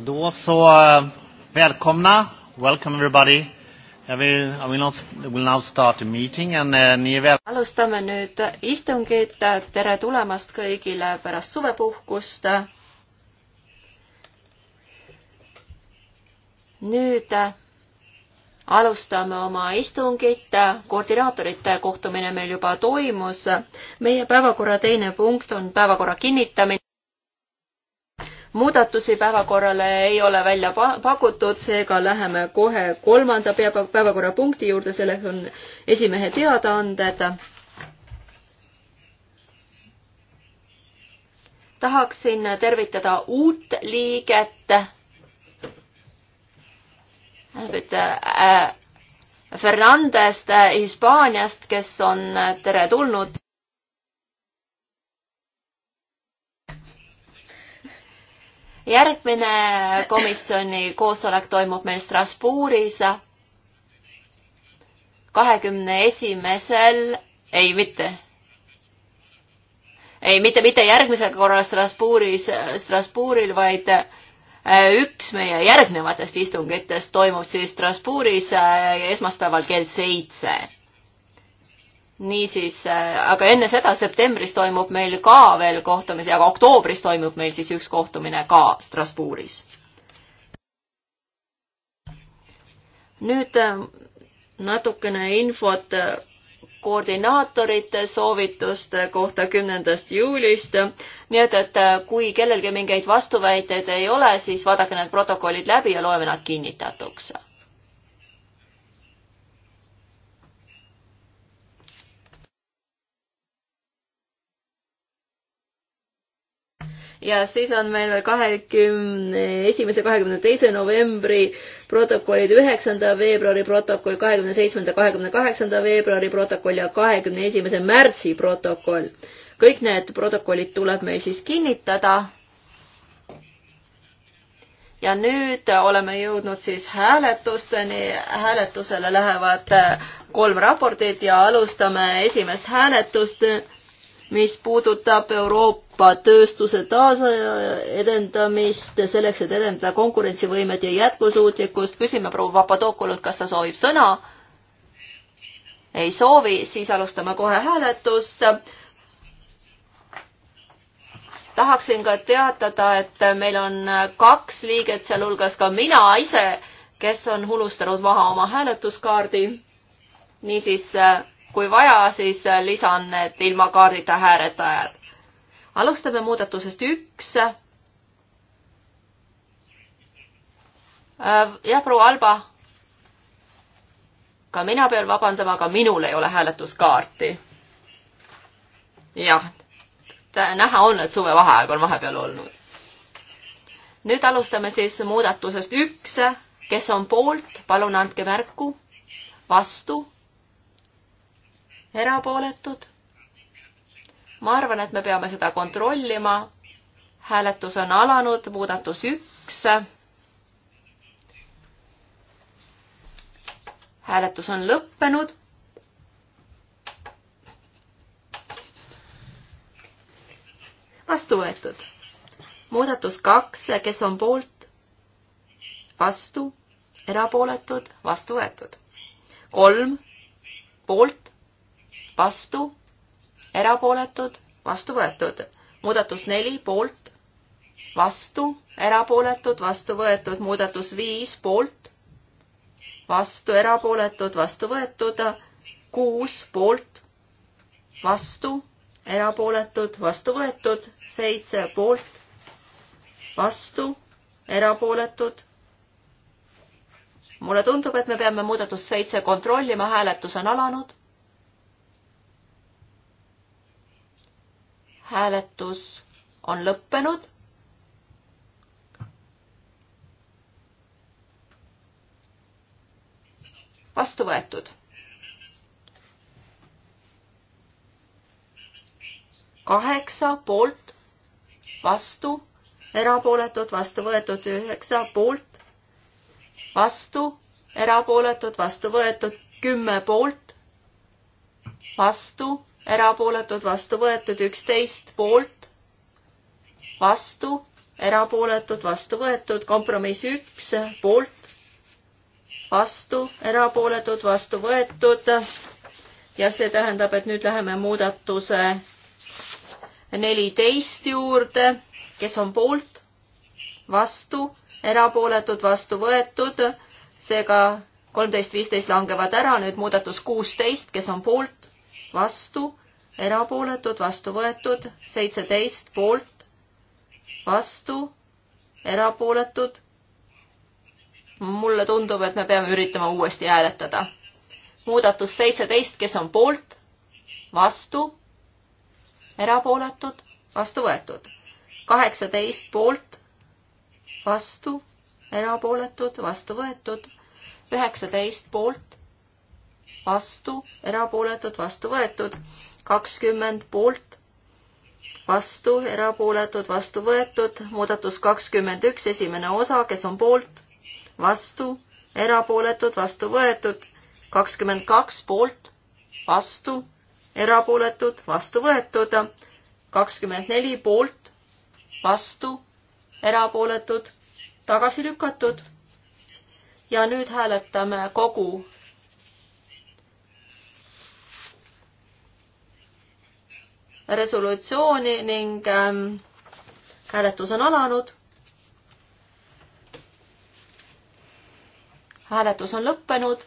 Då så, eh, välkomna. Welcome everybody. I will, I will, not, will now start the meeting and uh, eh, nii veel. alustame nüüd istungit. tere tulemast kõigile pärast suvepuhkust. nüüd alustame oma istungit. koordinaatorite kohtumine meil juba toimus. meie päevakorra teine punkt on päevakorra kinnitamine muudatusi päevakorrale ei ole välja pakutud, seega läheme kohe kolmanda päevakorrapunkti juurde, selleks on esimehe teadaanded. tahaksin tervitada uut liiget. Äh, Fernandest äh, Hispaaniast, kes on äh, teretulnud järgmine komisjoni koosolek toimub meil Strasbourgis kahekümne esimesel, ei mitte, ei mitte, mitte järgmisel korral Strasbourgis, Strasbourgil, vaid äh, üks meie järgnevatest istungitest toimub siis Strasbourgis äh, esmaspäeval kell seitse niisiis, äh, aga enne seda septembris toimub meil ka veel kohtumisi, aga oktoobris toimub meil siis üks kohtumine ka Strasbourgis. nüüd äh, natukene infot äh, koordinaatorite soovituste kohta kümnendast juulist. nii et, et kui kellelgi mingeid vastuväiteid ei ole, siis vaadake need protokollid läbi ja loeme nad kinnitatuks ja siis on meil veel kahekümne esimese, kahekümne teise novembri protokollid, üheksanda veebruari protokoll, kahekümne seitsmenda, kahekümne kaheksanda veebruari protokoll ja kahekümne esimese märtsi protokoll. kõik need protokollid tuleb meil siis kinnitada. ja nüüd oleme jõudnud siis hääletusteni, hääletusele lähevad kolm raportit ja alustame esimest hääletust mis puudutab Euroopa tööstuse taasedendamist selleks, et edendada konkurentsivõimet ja jätkusuutlikkust. küsime proua Papadokolult, kas ta soovib sõna. ei soovi, siis alustame kohe hääletust. tahaksin ka teatada, et meil on kaks liiget, sealhulgas ka mina ise, kes on unustanud maha oma hääletuskaardi. niisiis kui vaja, siis lisan need ilma kaardita hääletajad. alustame muudatusest üks. Äh, jah, proua Alba. ka mina pean vabandama, aga minul ei ole hääletuskaarti. jah, näha on, et suvevaheaeg on vahepeal olnud. nüüd alustame siis muudatusest üks, kes on poolt, palun andke märku. vastu erapooletud. ma arvan, et me peame seda kontrollima. hääletus on alanud, muudatus üks. hääletus on lõppenud. vastu võetud. muudatus kaks, kes on poolt? vastu, erapooletud, vastu võetud. kolm, poolt vastu, erapooletud, vastu võetud. muudatus neli poolt, vastu, erapooletud, vastu võetud. muudatus viis poolt, vastu, erapooletud, vastu võetud. kuus poolt, vastu, erapooletud, vastu võetud. seitse poolt, vastu, erapooletud, mulle tundub, et me peame muudatust seitse kontrollima, hääletus on alanud. hääletus on lõppenud. vastu võetud. kaheksa poolt, vastu, erapooletud, vastu võetud üheksa poolt, vastu, erapooletud, vastu võetud kümme poolt, vastu erapooletud, vastu võetud, üksteist poolt, vastu, erapooletud, vastu võetud, kompromiss üks, poolt, vastu, erapooletud, vastu võetud. ja see tähendab, et nüüd läheme muudatuse neliteist juurde, kes on poolt, vastu, erapooletud, vastu võetud, seega kolmteist, viisteist langevad ära, nüüd muudatus kuusteist, kes on poolt, vastu, erapooletud, vastu võetud, seitseteist poolt, vastu, erapooletud. mulle tundub, et me peame üritama uuesti hääletada. muudatus seitseteist, kes on poolt, vastu, erapooletud, vastu võetud. kaheksateist poolt, vastu, erapooletud, vastu võetud. üheksateist poolt, vastu, erapooletud, vastu võetud, kakskümmend poolt, vastu, erapooletud, vastu võetud, muudatus kakskümmend üks, esimene osa, kes on poolt, vastu, erapooletud, vastu võetud, kakskümmend kaks poolt, vastu, erapooletud, vastu võetud, kakskümmend neli poolt, vastu, erapooletud, tagasi lükatud. ja nüüd hääletame kogu resolutsiooni ning ähm, hääletus on alanud. hääletus on lõppenud.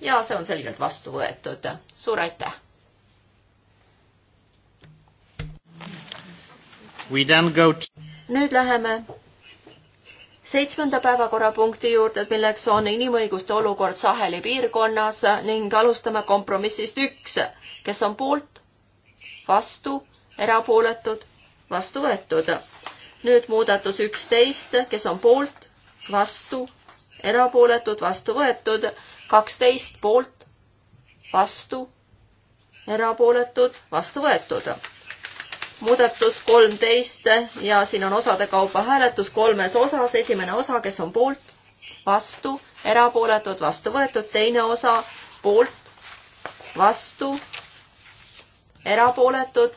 ja see on selgelt vastu võetud. suur aitäh. nüüd läheme seitsmenda päevakorrapunkti juurde, milleks on inimõiguste olukord Saheli piirkonnas ning alustame kompromissist üks, kes on poolt, vastu, erapooletud, vastu võetud. nüüd muudatus üksteist, kes on poolt, vastu, erapooletud, vastu võetud, kaksteist poolt, vastu, erapooletud, vastu võetud muudatus kolmteist ja siin on osade kaupa hääletus kolmes osas, esimene osa, kes on poolt, vastu, erapooletud, vastu võetud, teine osa poolt, vastu, erapooletud.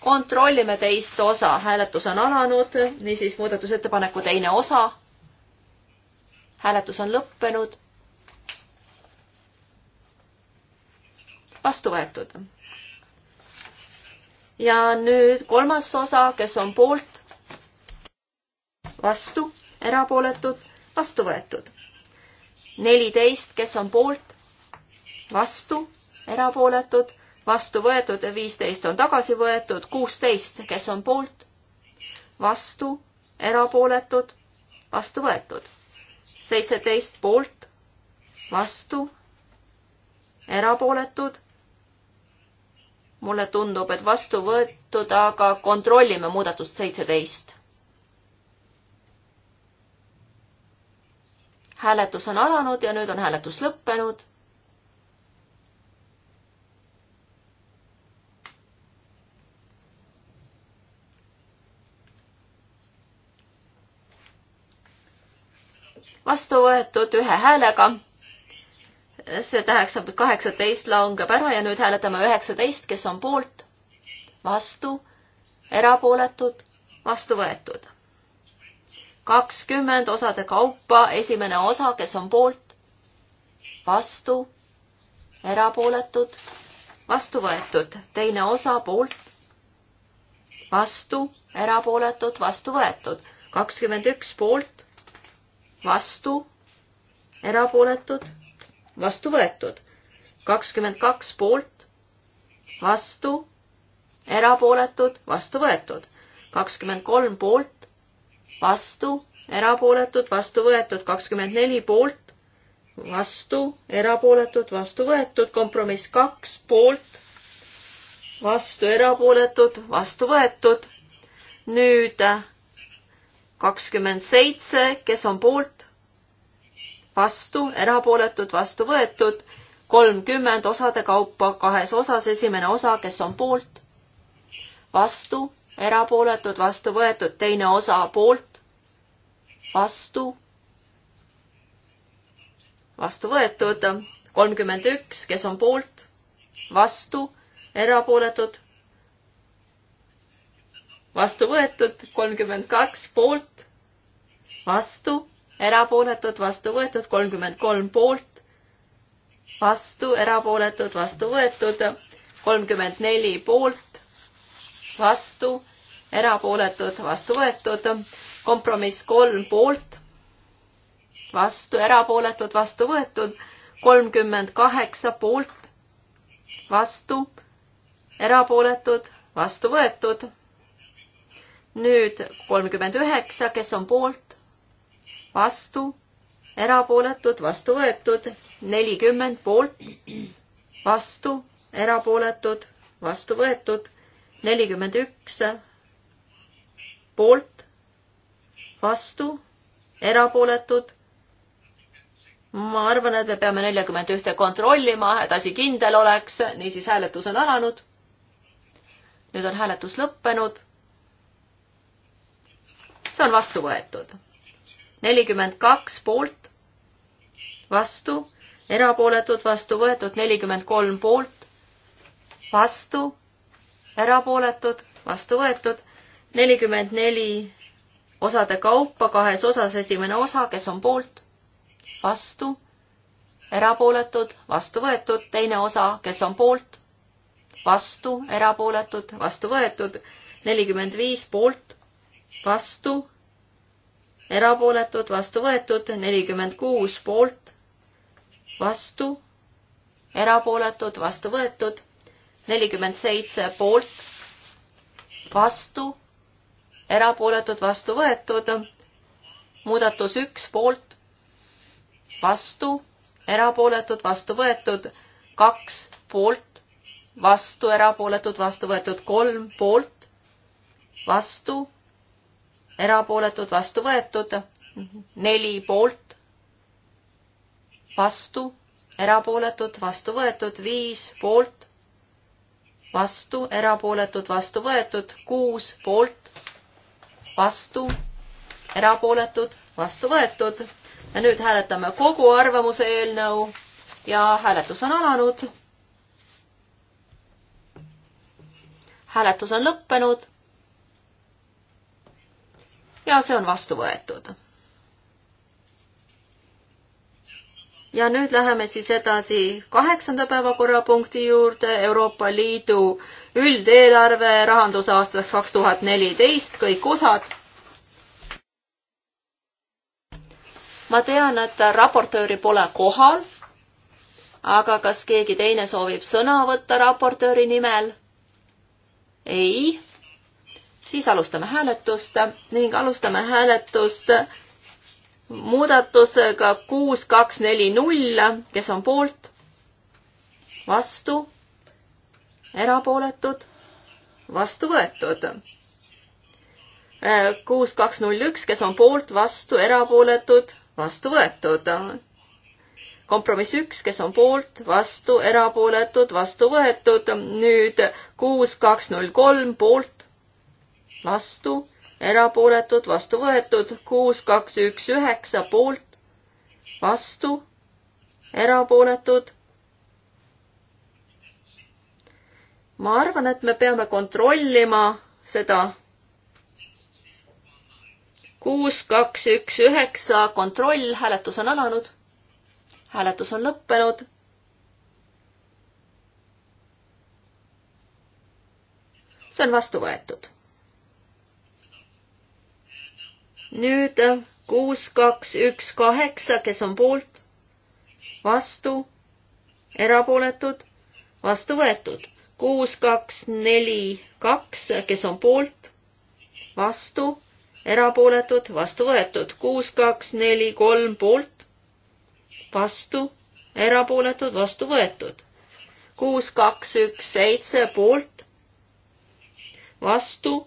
kontrollime teist osa, hääletus on alanud, niisiis muudatusettepaneku teine osa. hääletus on lõppenud. vastu võetud ja nüüd kolmas osa, kes on poolt, vastu, erapooletud, vastu võetud. neliteist, kes on poolt, vastu, erapooletud, vastu võetud, viisteist on tagasi võetud, kuusteist, kes on poolt, vastu, erapooletud, vastu võetud. seitseteist poolt, vastu, erapooletud mulle tundub, et vastu võetud, aga kontrollime muudatust seitseteist. hääletus on alanud ja nüüd on hääletus lõppenud. vastu võetud ühe häälega see tähendab, et kaheksateist langeb ära ja nüüd hääletame üheksateist, kes on poolt, vastu, erapooletud, vastu võetud. kakskümmend osade kaupa, esimene osa, kes on poolt, vastu, erapooletud, vastu võetud, teine osa poolt, vastu, erapooletud, vastu võetud, kakskümmend üks poolt, vastu, erapooletud vastu võetud. kakskümmend kaks poolt, vastu, erapooletud, vastu võetud. kakskümmend kolm poolt, vastu, erapooletud, vastu võetud. kakskümmend neli poolt, vastu, erapooletud, vastu võetud. kompromiss kaks poolt, vastu, erapooletud, vastu võetud. nüüd kakskümmend seitse, kes on poolt vastu, erapooletud, vastu võetud, kolmkümmend osade kaupa kahes osas, esimene osa, kes on poolt, vastu, erapooletud, vastu võetud, teine osa poolt, vastu, vastu võetud, kolmkümmend üks, kes on poolt, vastu, erapooletud, vastu võetud, kolmkümmend kaks poolt, vastu erapooletud, vastu võetud, kolmkümmend kolm poolt, vastu, erapooletud, vastu võetud, kolmkümmend neli poolt, vastu, erapooletud, vastu võetud, kompromiss kolm poolt, vastu, erapooletud, vastu võetud, kolmkümmend kaheksa poolt, vastu, erapooletud, vastu võetud, nüüd kolmkümmend üheksa, kes on poolt, vastu, erapooletud, vastu võetud, nelikümmend poolt, vastu, erapooletud, vastu võetud, nelikümmend üks poolt, vastu, erapooletud. ma arvan, et me peame neljakümmend ühte kontrollima, et asi kindel oleks, niisiis hääletus on alanud. nüüd on hääletus lõppenud. see on vastu võetud nelikümmend kaks poolt, vastu, erapooletud, vastu võetud, nelikümmend kolm poolt, vastu, erapooletud, vastu võetud, nelikümmend neli osade kaupa kahes osas, esimene osa, kes on poolt, vastu, erapooletud, vastu võetud, teine osa, kes on poolt, vastu, erapooletud, vastu võetud, nelikümmend viis poolt, vastu, erapooletud, vastu võetud, nelikümmend kuus poolt, vastu, erapooletud, vastu võetud, nelikümmend seitse poolt, vastu, erapooletud, vastu võetud, muudatus üks poolt, vastu, erapooletud, vastu võetud, kaks poolt, vastu, erapooletud, vastu võetud, kolm poolt, vastu erapooletud, vastu võetud, neli poolt, vastu, erapooletud, vastu võetud, viis poolt, vastu, erapooletud, vastu võetud, kuus poolt, vastu, erapooletud, vastu võetud. ja nüüd hääletame kogu arvamuse eelnõu ja hääletus on alanud. hääletus on lõppenud ja see on vastu võetud. ja nüüd läheme siis edasi kaheksanda päevakorrapunkti juurde, Euroopa Liidu üldeelarve rahandusaastaks kaks tuhat neliteist, kõik osad. ma tean, et raportööri pole kohal, aga kas keegi teine soovib sõna võtta raportööri nimel? ei siis alustame hääletust ning alustame hääletust muudatusega kuus, kaks, neli, null, kes on poolt, vastu, erapooletud, vastu võetud. kuus, kaks, null, üks, kes on poolt, vastu, erapooletud, vastu võetud. kompromiss üks, kes on poolt, vastu, erapooletud, vastu võetud. nüüd kuus, kaks, null, kolm, poolt, vastu, erapooletud, vastu võetud, kuus, kaks, üks, üheksa poolt, vastu, erapooletud. ma arvan, et me peame kontrollima seda. kuus, kaks, üks, üheksa, kontroll, hääletus on alanud. hääletus on lõppenud see on vastu võetud. nüüd äh, kuus, kaks, üks, kaheksa, kes on poolt, vastu, erapooletud, vastu võetud. kuus, kaks, neli, kaks, kes on poolt, vastu, erapooletud, vastu võetud. kuus, kaks, neli, kolm poolt, vastu, erapooletud, vastu võetud. kuus, kaks, üks, seitse poolt, vastu,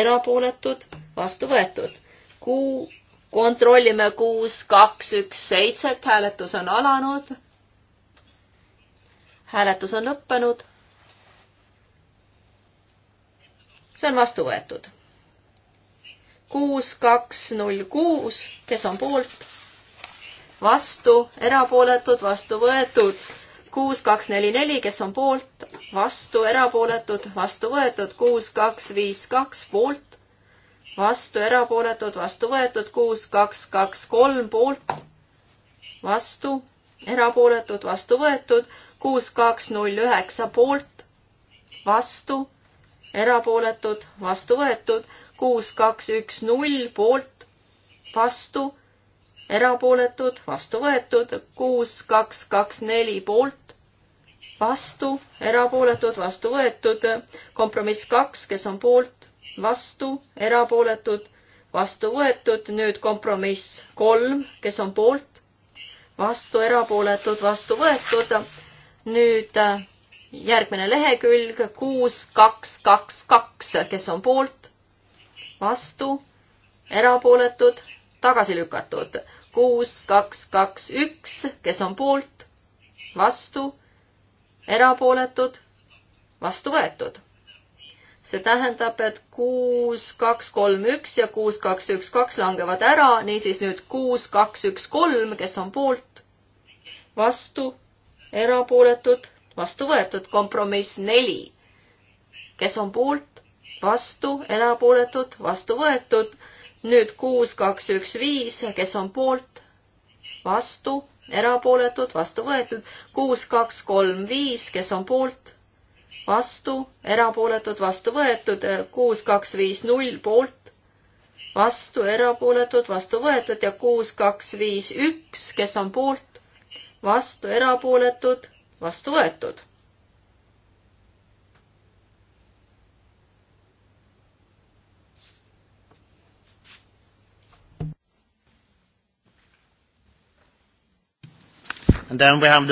erapooletud, vastu võetud kuu, kontrollime kuus, kaks, üks, seitset, hääletus on alanud. hääletus on lõppenud. see on vastu võetud. kuus, kaks, null, kuus, kes on poolt? vastu, erapooletud, vastu võetud. kuus, kaks, neli, neli, kes on poolt? vastu, erapooletud, vastu võetud. kuus, kaks, viis, kaks, poolt vastu erapooletud, vastu võetud, kuus, kaks, kaks, kolm poolt, vastu erapooletud, vastu võetud, kuus, kaks, null, üheksa poolt, vastu erapooletud, vastu võetud, kuus, kaks, üks, null poolt, vastu erapooletud, vastu võetud, kuus, kaks, kaks, neli poolt, vastu, erapooletud, vastu võetud, kompromiss kaks, kes on poolt, vastu, erapooletud, vastu võetud, nüüd kompromiss kolm, kes on poolt, vastu, erapooletud, vastu võetud. nüüd äh, järgmine lehekülg kuus, kaks, kaks, kaks, kes on poolt, vastu, erapooletud, tagasi lükatud. kuus, kaks, kaks, üks, kes on poolt, vastu, erapooletud, vastu võetud see tähendab, et kuus, kaks, kolm, üks ja kuus, kaks, üks, kaks langevad ära, niisiis nüüd kuus, kaks, üks, kolm, kes on poolt, vastu, erapooletud, vastu võetud, kompromiss neli. kes on poolt, vastu, erapooletud, vastu võetud, nüüd kuus, kaks, üks, viis, kes on poolt, vastu, erapooletud, vastu võetud, kuus, kaks, kolm, viis, kes on poolt vastu, erapooletud, vastu võetud, kuus, kaks, viis, null poolt, vastu, erapooletud, vastu võetud ja kuus, kaks, viis, üks, kes on poolt, vastu, erapooletud, vastu võetud.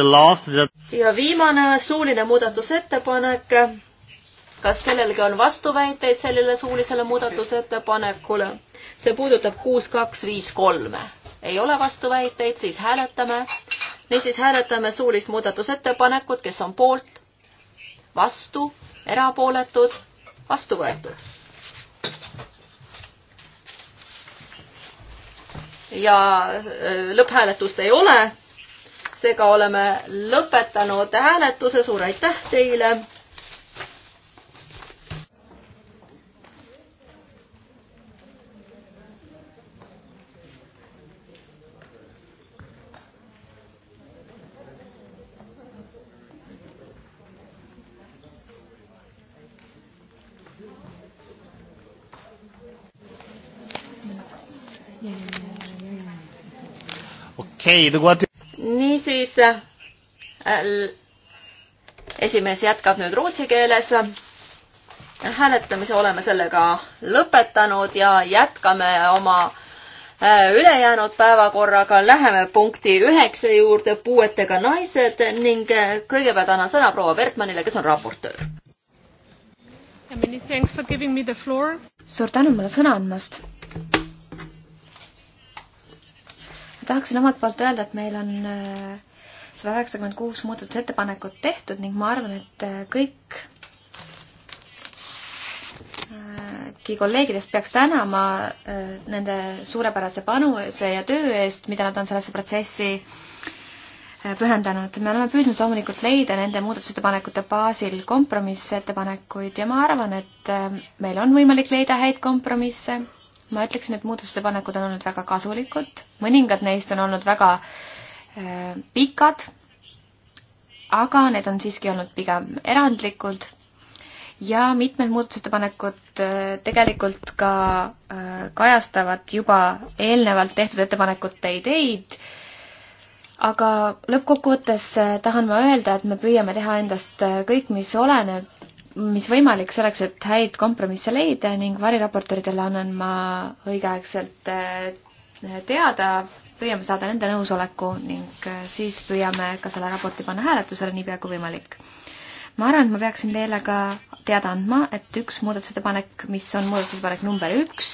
Last... ja viimane suuline muudatusettepanek. kas kellelgi on vastuväiteid sellele suulisele muudatusettepanekule? see puudutab kuus, kaks, viis, kolme. ei ole vastuväiteid, siis hääletame. niisiis hääletame suulist muudatusettepanekut, kes on poolt, vastu, erapooletud, vastu võetud. ja äh, lõpphääletust ei ole seega oleme lõpetanud hääletuse, suur aitäh teile. Okej, då går jag niisiis, äh, esimees jätkab nüüd rootsi keeles. hääletamise oleme sellega lõpetanud ja jätkame oma äh, ülejäänud päevakorraga läheme punkti üheksa juurde, puuetega naised ning äh, kõigepealt annan sõna proua Bertmanile, kes on raportöör. suur tänu mulle sõna andmast tahaksin omalt poolt öelda, et meil on sada äh, üheksakümmend kuus muudatusettepanekut tehtud ning ma arvan, et äh, kõik kõiki äh, kolleegidest peaks tänama nende suurepärase panuse ja töö eest, mida nad on sellesse protsessi pühendanud. me oleme püüdnud loomulikult leida nende muudatusettepanekute baasil kompromissettepanekuid ja ma arvan, et meil on võimalik leida häid kompromisse ma ütleksin, et muudatusettepanekud on olnud väga kasulikud, mõningad neist on olnud väga äh, pikad, aga need on siiski olnud pigem erandlikud ja mitmed muudatusettepanekud äh, tegelikult ka äh, kajastavad juba eelnevalt tehtud ettepanekute ideid, aga lõppkokkuvõttes äh, tahan ma öelda, et me püüame teha endast kõik, mis oleneb mis võimalik selleks, et häid kompromisse leida ning variraportööridele annan ma õigeaegselt eh, teada, püüame saada nende nõusoleku ning eh, siis püüame ka selle raporti panna hääletusele niipea kui võimalik. ma arvan, et ma peaksin teile ka teada andma, et üks muudatusettepanek, mis on muudatusettepanek number üks,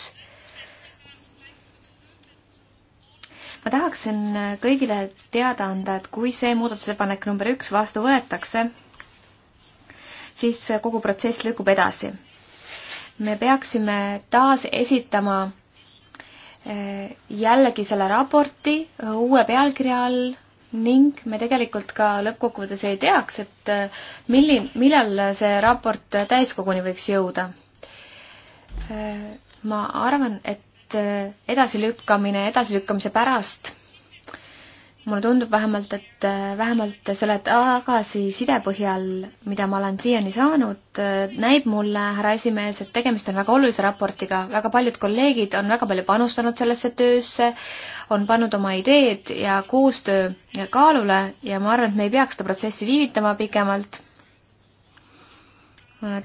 ma tahaksin eh, kõigile teada anda, et kui see muudatusettepanek number üks vastu võetakse, siis kogu protsess lükkub edasi. me peaksime taas esitama eh, jällegi selle raporti eh, uue pealkirja all ning me tegelikult ka lõppkokkuvõttes ei teaks, et eh, milli-, millal see raport täiskoguni võiks jõuda. ma arvan, et edasilükkamine edasilükkamise pärast mulle tundub vähemalt, et äh, vähemalt selle tagasiside põhjal, mida ma olen siiani saanud, äh, näib mulle, härra esimees, et tegemist on väga olulise raportiga, väga paljud kolleegid on väga palju panustanud sellesse töösse, on pannud oma ideed ja koostöö kaalule ja ma arvan, et me ei peaks seda protsessi viivitama pikemalt.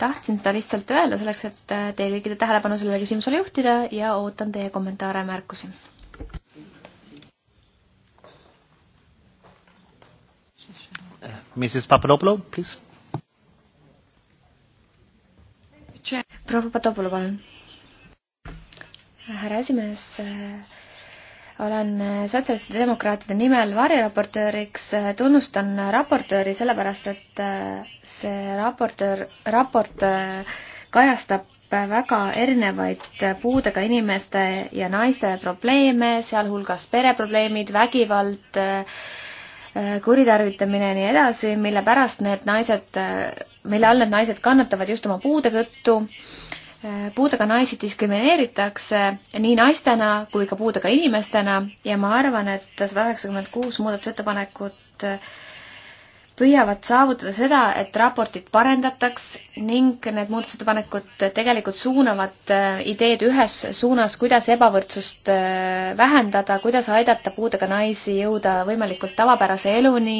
tahtsin seda lihtsalt öelda selleks, et äh, teie kõikide tähelepanu sellele küsimusele juhtida ja ootan teie kommentaare ja märkusi Mrs Papadopoulou, please. proua Papadopoulou, palun. härra esimees äh, olen äh, sotsialistide demokraatide nimel variraportööriks, äh, tunnustan raportööri sellepärast, et see raportöör, raport kajastab väga erinevaid puudega inimeste ja naiste probleeme, sealhulgas pereprobleemid, vägivald äh,, Äh, kuritarvitamine ja nii edasi, mille pärast need naised, äh, mille all need naised kannatavad just oma puude tõttu. Äh, puudega naisi diskrimineeritakse nii naistena kui ka puudega inimestena ja ma arvan, et sada kaheksakümmend kuus muudatusettepanekut püüavad saavutada seda, et raportit parendataks ning need muudatusettepanekud tegelikult suunavad äh, ideed ühes suunas, kuidas ebavõrdsust äh, vähendada, kuidas aidata puudega naisi jõuda võimalikult tavapärase eluni,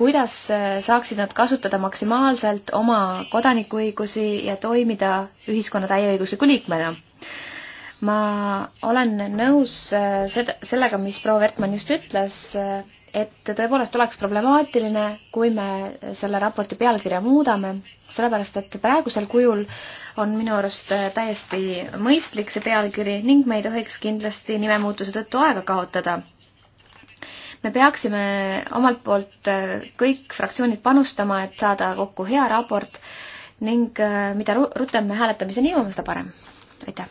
kuidas äh, saaksid nad kasutada maksimaalselt oma kodanikuõigusi ja toimida ühiskonna täieõigusliku liikmena ma olen nõus seda, sellega, mis proua Vertmann just ütles, et tõepoolest oleks problemaatiline, kui me selle raporti pealkirja muudame, sellepärast et praegusel kujul on minu arust täiesti mõistlik see pealkiri ning me ei tohiks kindlasti nimemuutuse tõttu aega kaotada. me peaksime omalt poolt kõik fraktsioonid panustama, et saada kokku hea raport ning äh, mida rutem me hääletamiseni jõuame, seda parem. aitäh.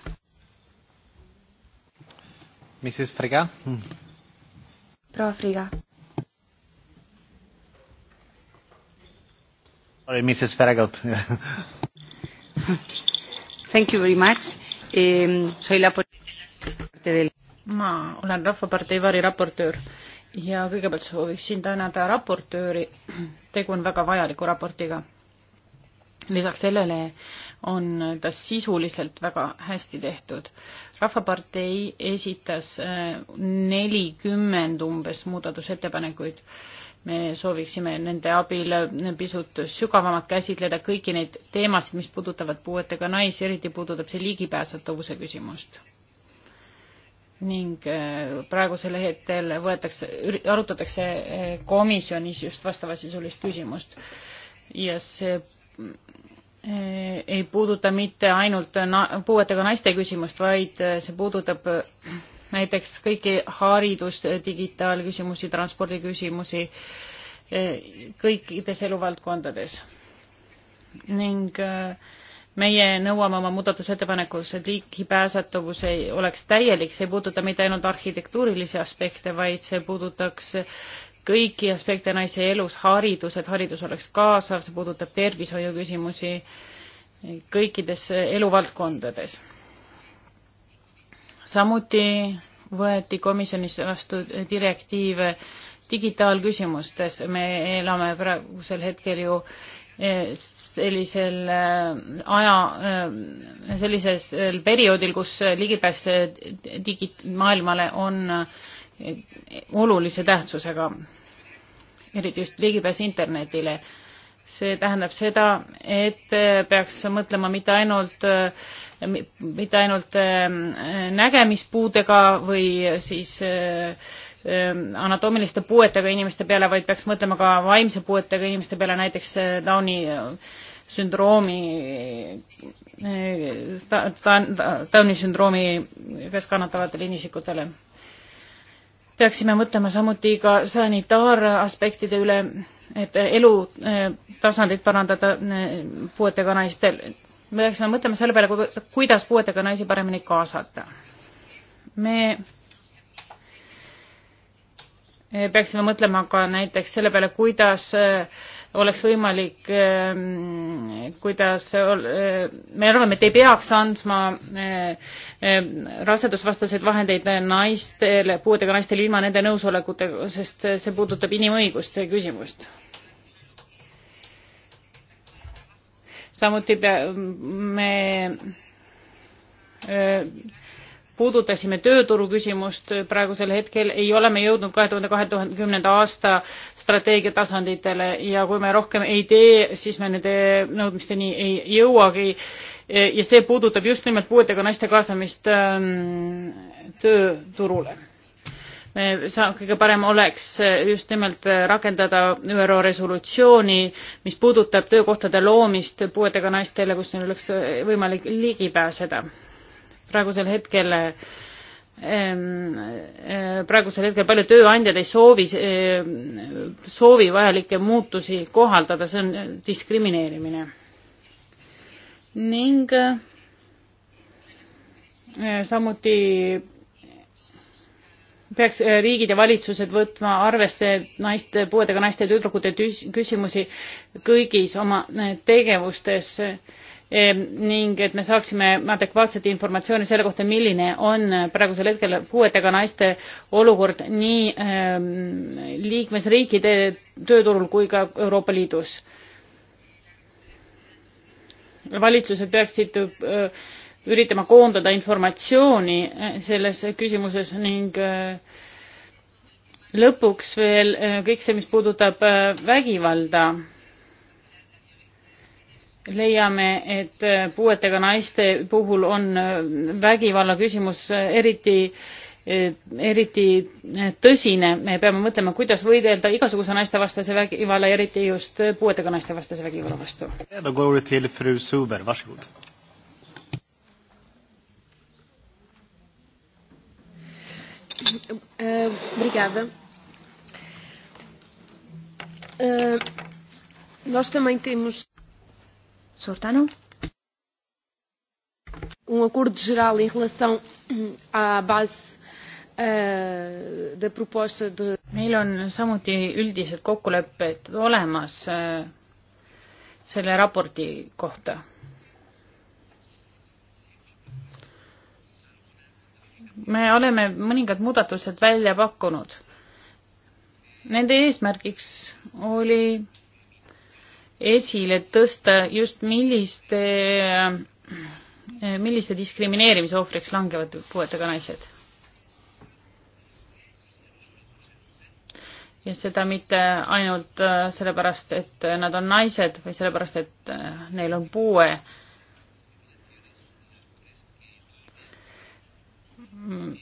Mrs Frega. proua Frega Sorry, Mrs Faragot. Thank you very much eh,. Soy la del... ma olen Rahvapartei variraportöör ja kõigepealt sooviksin tänada raportööri, tegu on väga vajaliku raportiga. lisaks sellele on ta sisuliselt väga hästi tehtud. rahvapartei esitas eh, nelikümmend umbes muudatusettepanekuid me sooviksime nende abil pisut sügavamalt käsitleda kõiki neid teemasid, mis puudutavad puuetega naisi, eriti puudutab see ligipääsetavuse küsimust. ning äh, praegusel hetkel võetakse, arutatakse äh, komisjonis just vastavasisulist küsimust ja see äh, ei puuduta mitte ainult na-, puuetega naiste küsimust, vaid see puudutab näiteks kõiki haridust, digitaalküsimusi, transpordiküsimusi kõikides eluvaldkondades. ning äh, meie nõuame oma muudatusettepanekus, et ligipääsetavus ei oleks täielik, see ei puuduta mitte ainult arhitektuurilisi aspekte, vaid see puudutaks kõiki aspekte naise elus, haridus, et haridus oleks kaasav, see puudutab tervishoiuküsimusi kõikides eluvaldkondades samuti võeti komisjonis vastu direktiiv digitaalküsimustes, me elame praegusel hetkel ju eh, sellisel eh, aja, eh, sellisel perioodil, kus ligipääs digimaailmale on olulise tähtsusega, eriti just ligipääs internetile see tähendab seda, et äh, peaks mõtlema mitte ainult, äh, mitte ainult äh, nägemispuudega või siis anatoomiliste puuetega inimeste peale, vaid peaks mõtlema ka vaimse puuetega inimeste peale, näiteks Downi sündroomi, Downi sündroomi käes kannatavatele inimesikutele. peaksime mõtlema samuti ka sanitaaraspektide üle et äh, elutasandit äh, parandada äh, puuetega naistel. me peaksime mõtlema selle peale, kuidas puuetega naisi paremini kaasata. me peaksime mõtlema ka näiteks selle peale, kuidas äh, oleks võimalik, ähm, kuidas, äh, me arvame, et ei peaks andma äh, rasedusvastaseid vahendeid naistele, puudega naistele ilma nende nõusolekuta, sest see puudutab inimõiguste küsimust. samuti pea-, me öö, puudutasime tööturu küsimust praegusel hetkel, ei ole me jõudnud kahe tuhande kahekümnenda aasta strateegia tasanditele ja kui me rohkem ei tee, siis me nende nõudmisteni ei jõuagi. ja see puudutab just nimelt puuetega naiste kaasamist ähm, tööturule. me saa-, kõige parem oleks just nimelt rakendada ÜRO resolutsiooni, mis puudutab töökohtade loomist puuetega naistele, kus neil oleks võimalik ligi pääseda praegusel hetkel ehm, eh, praegusel hetkel paljud tööandjad ei soovi, ehm, soovi vajalikke muutusi kohaldada, see on diskrimineerimine. ning eh, samuti peaks eh, riigid ja valitsused võtma arvesse naiste, puuetega naiste ja tüdrukute tüs, küsimusi kõigis oma tegevustes Ehm, ning et me saaksime adekvaatset informatsiooni selle kohta, milline on praegusel hetkel puuetega naiste olukord nii ehm, liikmesriikide tööturul kui ka Euroopa Liidus. valitsused peaksid üritama koondada informatsiooni e, selles küsimuses ning e, lõpuks veel e, kõik see, mis puudutab vägivalda leiame, et äh, puuetega naiste puhul on äh, vägivalla küsimus äh, eriti eriti tõsine, me peame mõtlema, kuidas võidelda igasuguse naistevastase vägivalla, eriti just puuetega naistevastase vägivalla vastu. Eh, obrigada. Eh, nós também temos suur tänu. Um acordo geral em relação à base uh, da proposta de. meil on samuti üldised kokkulepped olemas uh, selle raporti kohta me oleme mõningad muudatused välja pakkunud. Nende eesmärgiks oli esile tõsta just milliste, millise diskrimineerimise ohvriks langevad puuetega naised. ja seda mitte ainult äh, sellepärast, et nad on naised või sellepärast, et äh, neil on puue mm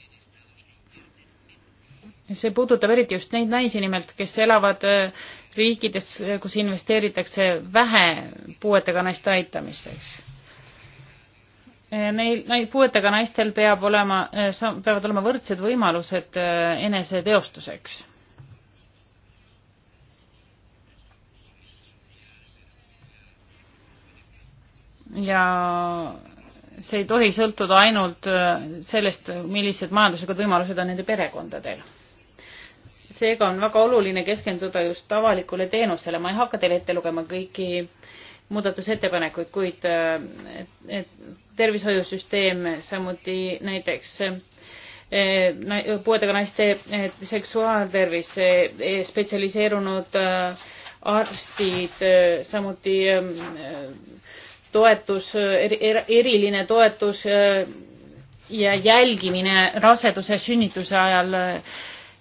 see puudutab eriti just neid naisi nimelt, kes elavad äh, riikides, äh, kus investeeritakse vähe puuetega naiste aitamiseks. Äh, neil, neil puuetega naistel peab olema, peavad olema võrdsed võimalused eneseteostuseks. ja see ei tohi sõltuda ainult sellest, millised majanduslikud võimalused on nende perekondadel seega on väga oluline keskenduda just avalikule teenusele. ma ei hakka teile ette lugema kõiki muudatusettepanekuid, kuid äh, tervishoiusüsteem, samuti näiteks äh, puuetega naiste äh, seksuaaltervis, spetsialiseerunud arstid, samuti toetus, eriline toetus ja jälgimine raseduse sünnituse ajal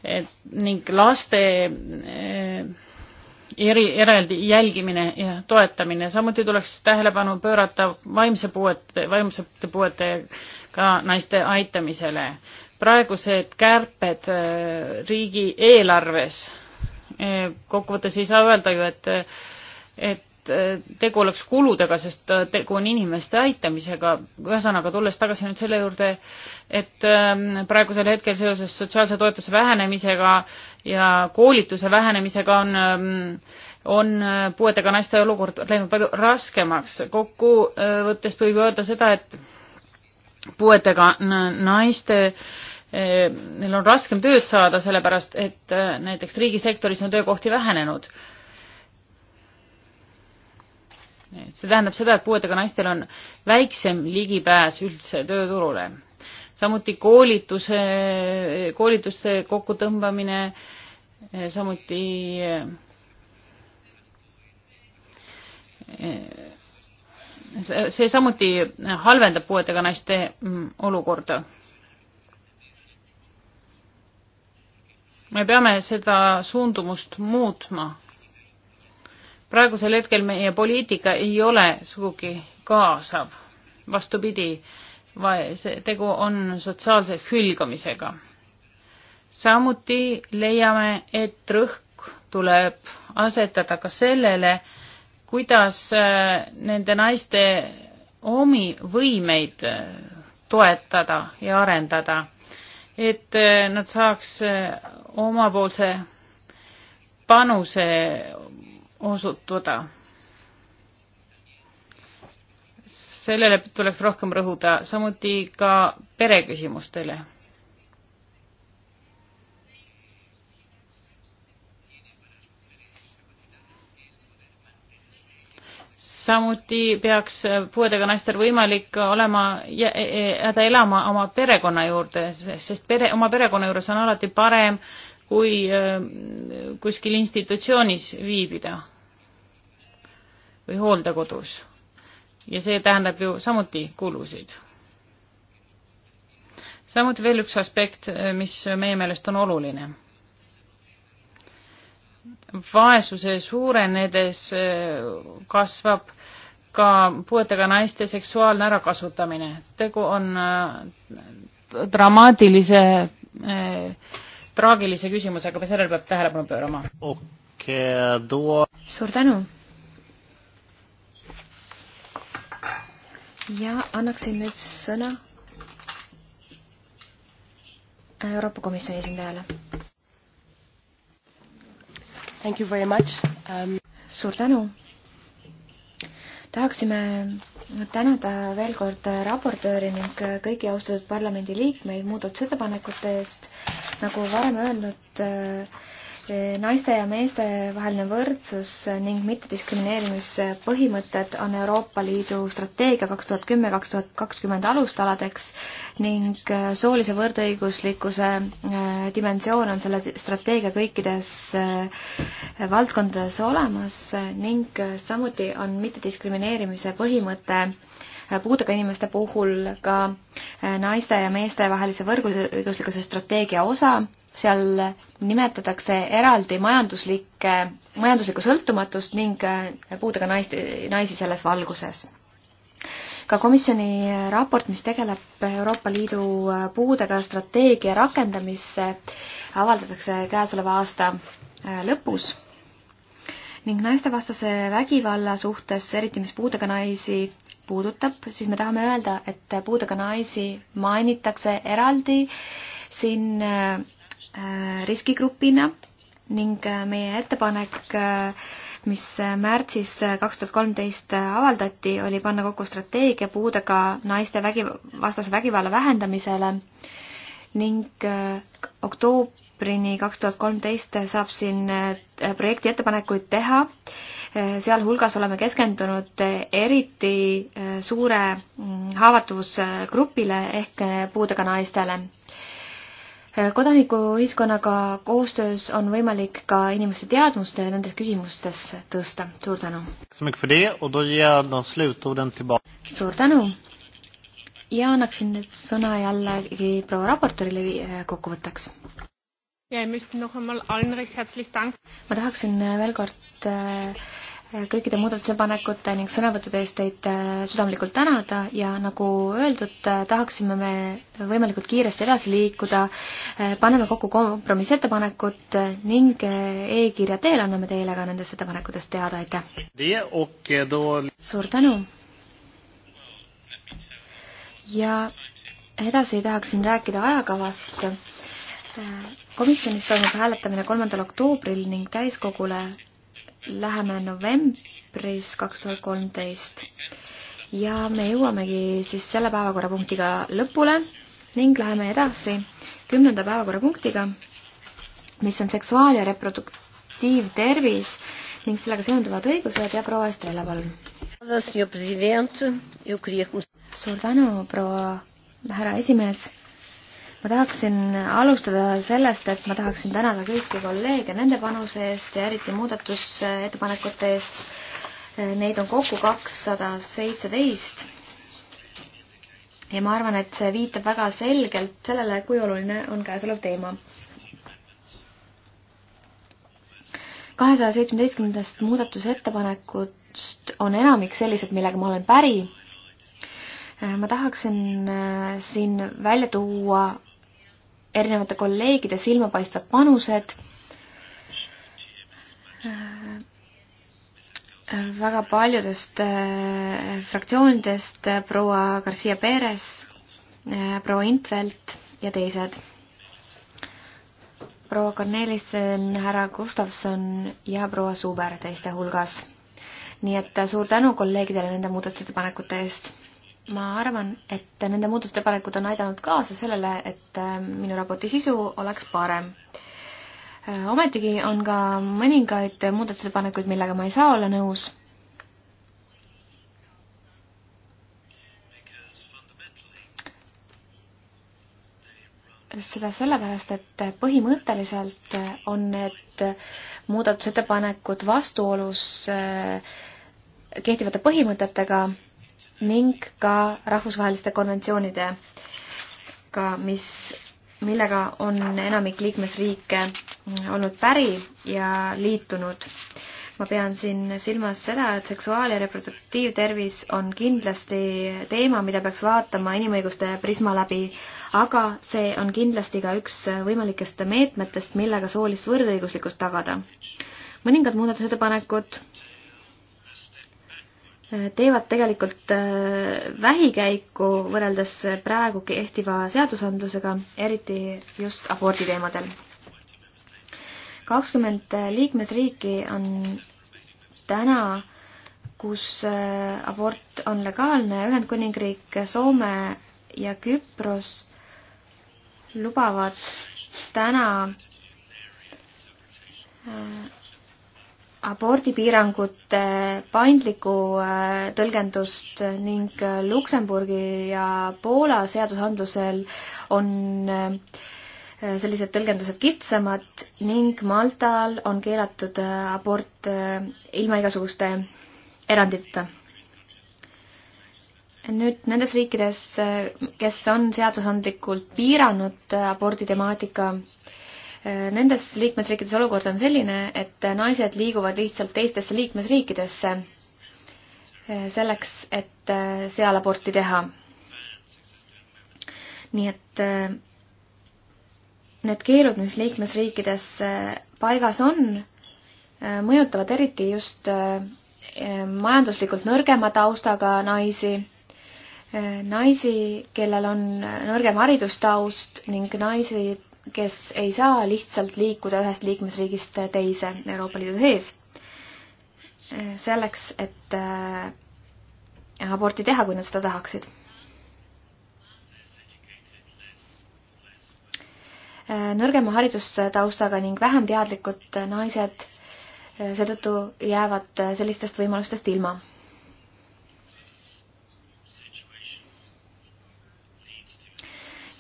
et ning laste eh, eri, eraldi jälgimine ja toetamine, samuti tuleks tähelepanu pöörata vaimse puuete, vaimsete puuetega naiste aitamisele. praegused kärped eh, riigieelarves, eh, kokkuvõttes ei saa öelda ju, et et et tegu oleks kuludega, sest äh, tegu on inimeste aitamisega. ühesõnaga, tulles tagasi nüüd selle juurde, et ähm, praegusel hetkel seoses sotsiaalse toetuse vähenemisega ja koolituse vähenemisega on ähm, on äh, puuetega naiste olukord läinud palju raskemaks. kokkuvõttes äh, võib öelda seda, et puuetega naiste neil on raskem tööd saada, sellepärast et näiteks riigisektoris on töökohti vähenenud see tähendab seda, et puuetega naistel on väiksem ligipääs üldse tööturule. samuti koolituse, koolituste kokkutõmbamine, samuti see samuti halvendab puuetega naiste mm, olukorda. me peame seda suundumust muutma praegusel hetkel meie poliitika ei ole sugugi kaasav. vastupidi, tegu on sotsiaalse hülgamisega. samuti leiame, et rõhk tuleb asetada ka sellele, kuidas äh, nende naiste omi võimeid äh, toetada ja arendada, et äh, nad saaks omapoolse panuse osutuda. sellele tuleks rohkem rõhuda, samuti ka pereküsimustele. samuti peaks puuetega naistel võimalik olema jääda elama oma perekonna juurde, sest pere, oma perekonna juures on alati parem kui äh, kuskil institutsioonis viibida või hooldekodus. ja see tähendab ju samuti kulusid. samuti veel üks aspekt, äh, mis meie meelest on oluline. vaesuse suurenedes äh, kasvab ka puuetega naiste seksuaalne ärakasutamine. tegu on dramaatilise äh, traagilise küsimusega, sellele peab tähelepanu pöörama okay,. Tuo... suur tänu. ja annaksin nüüd sõna Euroopa Komisjoni esindajale. Thank you very much um.... suur tänu tahaksime tänada veel kord raportööri ning kõigi austatud parlamendiliikmeid muudatusettepanekute eest. nagu varem öelnud äh,, naiste ja meeste vaheline võrdsus ning mittediskrimineerimise põhimõtted on Euroopa Liidu strateegia kaks tuhat kümme, kaks tuhat kakskümmend alustaladeks ning äh, soolise võrdõiguslikkuse äh, dimensioon on selle strateegia kõikides äh, valdkondades olemas ning samuti on mittediskrimineerimise põhimõte puudega inimeste puhul ka naiste ja meeste vahelise võrguõiguslikkuse strateegia osa seal nimetatakse eraldi majanduslikke, majanduslikku sõltumatust ning äh, puudega naiste, naisi selles valguses. ka komisjoni raport, mis tegeleb Euroopa Liidu äh, puudega strateegia rakendamisse, avaldatakse käesoleva aasta äh, lõpus ning naistevastase vägivalla suhtes, eriti mis puudega naisi puudutab, siis me tahame öelda, et puudega naisi mainitakse eraldi siin Äh, riskigrupina ning äh, meie ettepanek, äh, mis märtsis kaks tuhat kolmteist avaldati, oli panna kokku strateegia puudega naiste vägi, vastase vägivalla vähendamisele ning oktoobrini kaks tuhat kolmteist saab siin projekti ettepanekuid teha. sealhulgas oleme keskendunud eriti suure mm, haavatavusgrupile ehk puudega naistele kodanikuühiskonnaga koostöös on võimalik ka inimeste teadmust nendes küsimustes tõsta. suur tänu! suur tänu! ja annaksin nüüd sõna jällegi proua raportöörile eh, kokkuvõtteks. ma tahaksin eh, veel kord äh, kõikide muudatusepanekute ning sõnavõttude eest teid äh, südamlikult tänada ja nagu öeldud, äh, tahaksime me võimalikult kiiresti edasi liikuda. Äh, paneme kokku kompromissettepanekud ning e-kirja teel anname teile ka nendest ettepanekutest teada, aitäh! suur tänu! ja edasi tahaksin rääkida ajakavast. komisjonis toimub hääletamine kolmandal oktoobril ning täiskogule läheme novembris kaks tuhat kolmteist ja me jõuamegi siis selle päevakorrapunktiga lõpule ning läheme edasi kümnenda päevakorrapunktiga, mis on seksuaal- ja reproduktiivtervis ning sellega seonduvad õigused ja proua Estrela, palun. suur tänu, proua härra esimees ma tahaksin alustada sellest, et ma tahaksin tänada kõiki kolleege nende panuse eest ja eriti muudatusettepanekute eest. Neid on kokku kakssada seitseteist. ja ma arvan, et see viitab väga selgelt sellele, kui oluline on käesolev teema. kahesaja seitsmeteistkümnendast muudatusettepanekust on enamik sellised, millega ma olen päri ma tahaksin äh, siin välja tuua erinevate kolleegide silmapaistvad panused. väga paljudest eh, fraktsioonidest proua Garcia Perez, eh, proua Intvelt ja teised. proua Cornelissen, härra Gustavson ja proua Suber teiste hulgas. nii et eh, suur tänu kolleegidele nende muudatusettepanekute eest ma arvan, et nende muudatusettepanekud on aidanud kaasa sellele, et äh, minu raporti sisu oleks parem. Äh, ometigi on ka mõningaid muudatusettepanekuid, millega ma ei saa olla nõus. seda sellepärast, et põhimõtteliselt on need muudatusettepanekud vastuolus äh, kehtivate põhimõtetega ning ka rahvusvaheliste konventsioonidega, mis, millega on enamik liikmesriike olnud päri ja liitunud. ma pean siin silmas seda, et seksuaal- ja reproduktiivtervis on kindlasti teema, mida peaks vaatama inimõiguste prisma läbi, aga see on kindlasti ka üks võimalikest meetmetest, millega soolist võrdõiguslikkust tagada. mõningad muudatusettepanekud teevad tegelikult äh, vähikäiku võrreldes praegu kehtiva seadusandlusega, eriti just abordi teemadel. kakskümmend liikmesriiki on täna, kus äh, abort on legaalne, Ühendkuningriik, Soome ja Küpros lubavad täna äh, abordipiirangute paindlikku äh, tõlgendust ning äh, Luksemburgi ja Poola seadusandlusel on äh, sellised tõlgendused kitsamad ning Maltal on keelatud abort ilma igasuguste eranditeta. nüüd nendes riikides, kes on seadusandlikult piiranud abordi temaatika, Nendes liikmesriikides olukord on selline, et naised liiguvad lihtsalt teistesse liikmesriikidesse eh, selleks, et eh, seal aborti teha. nii et eh, need keelud, mis liikmesriikides paigas on, mõjutavad eriti just majanduslikult nõrgema taustaga naisi naisi, kellel on nõrgem haridustaust ning naisi, kes ei saa lihtsalt liikuda ühest liikmesriigist teise Euroopa Liidu sees. selleks, et äh, aborti teha, kui nad seda tahaksid. Äh, nõrgema haridustaustaga ning vähem teadlikud naised äh, seetõttu jäävad sellistest võimalustest ilma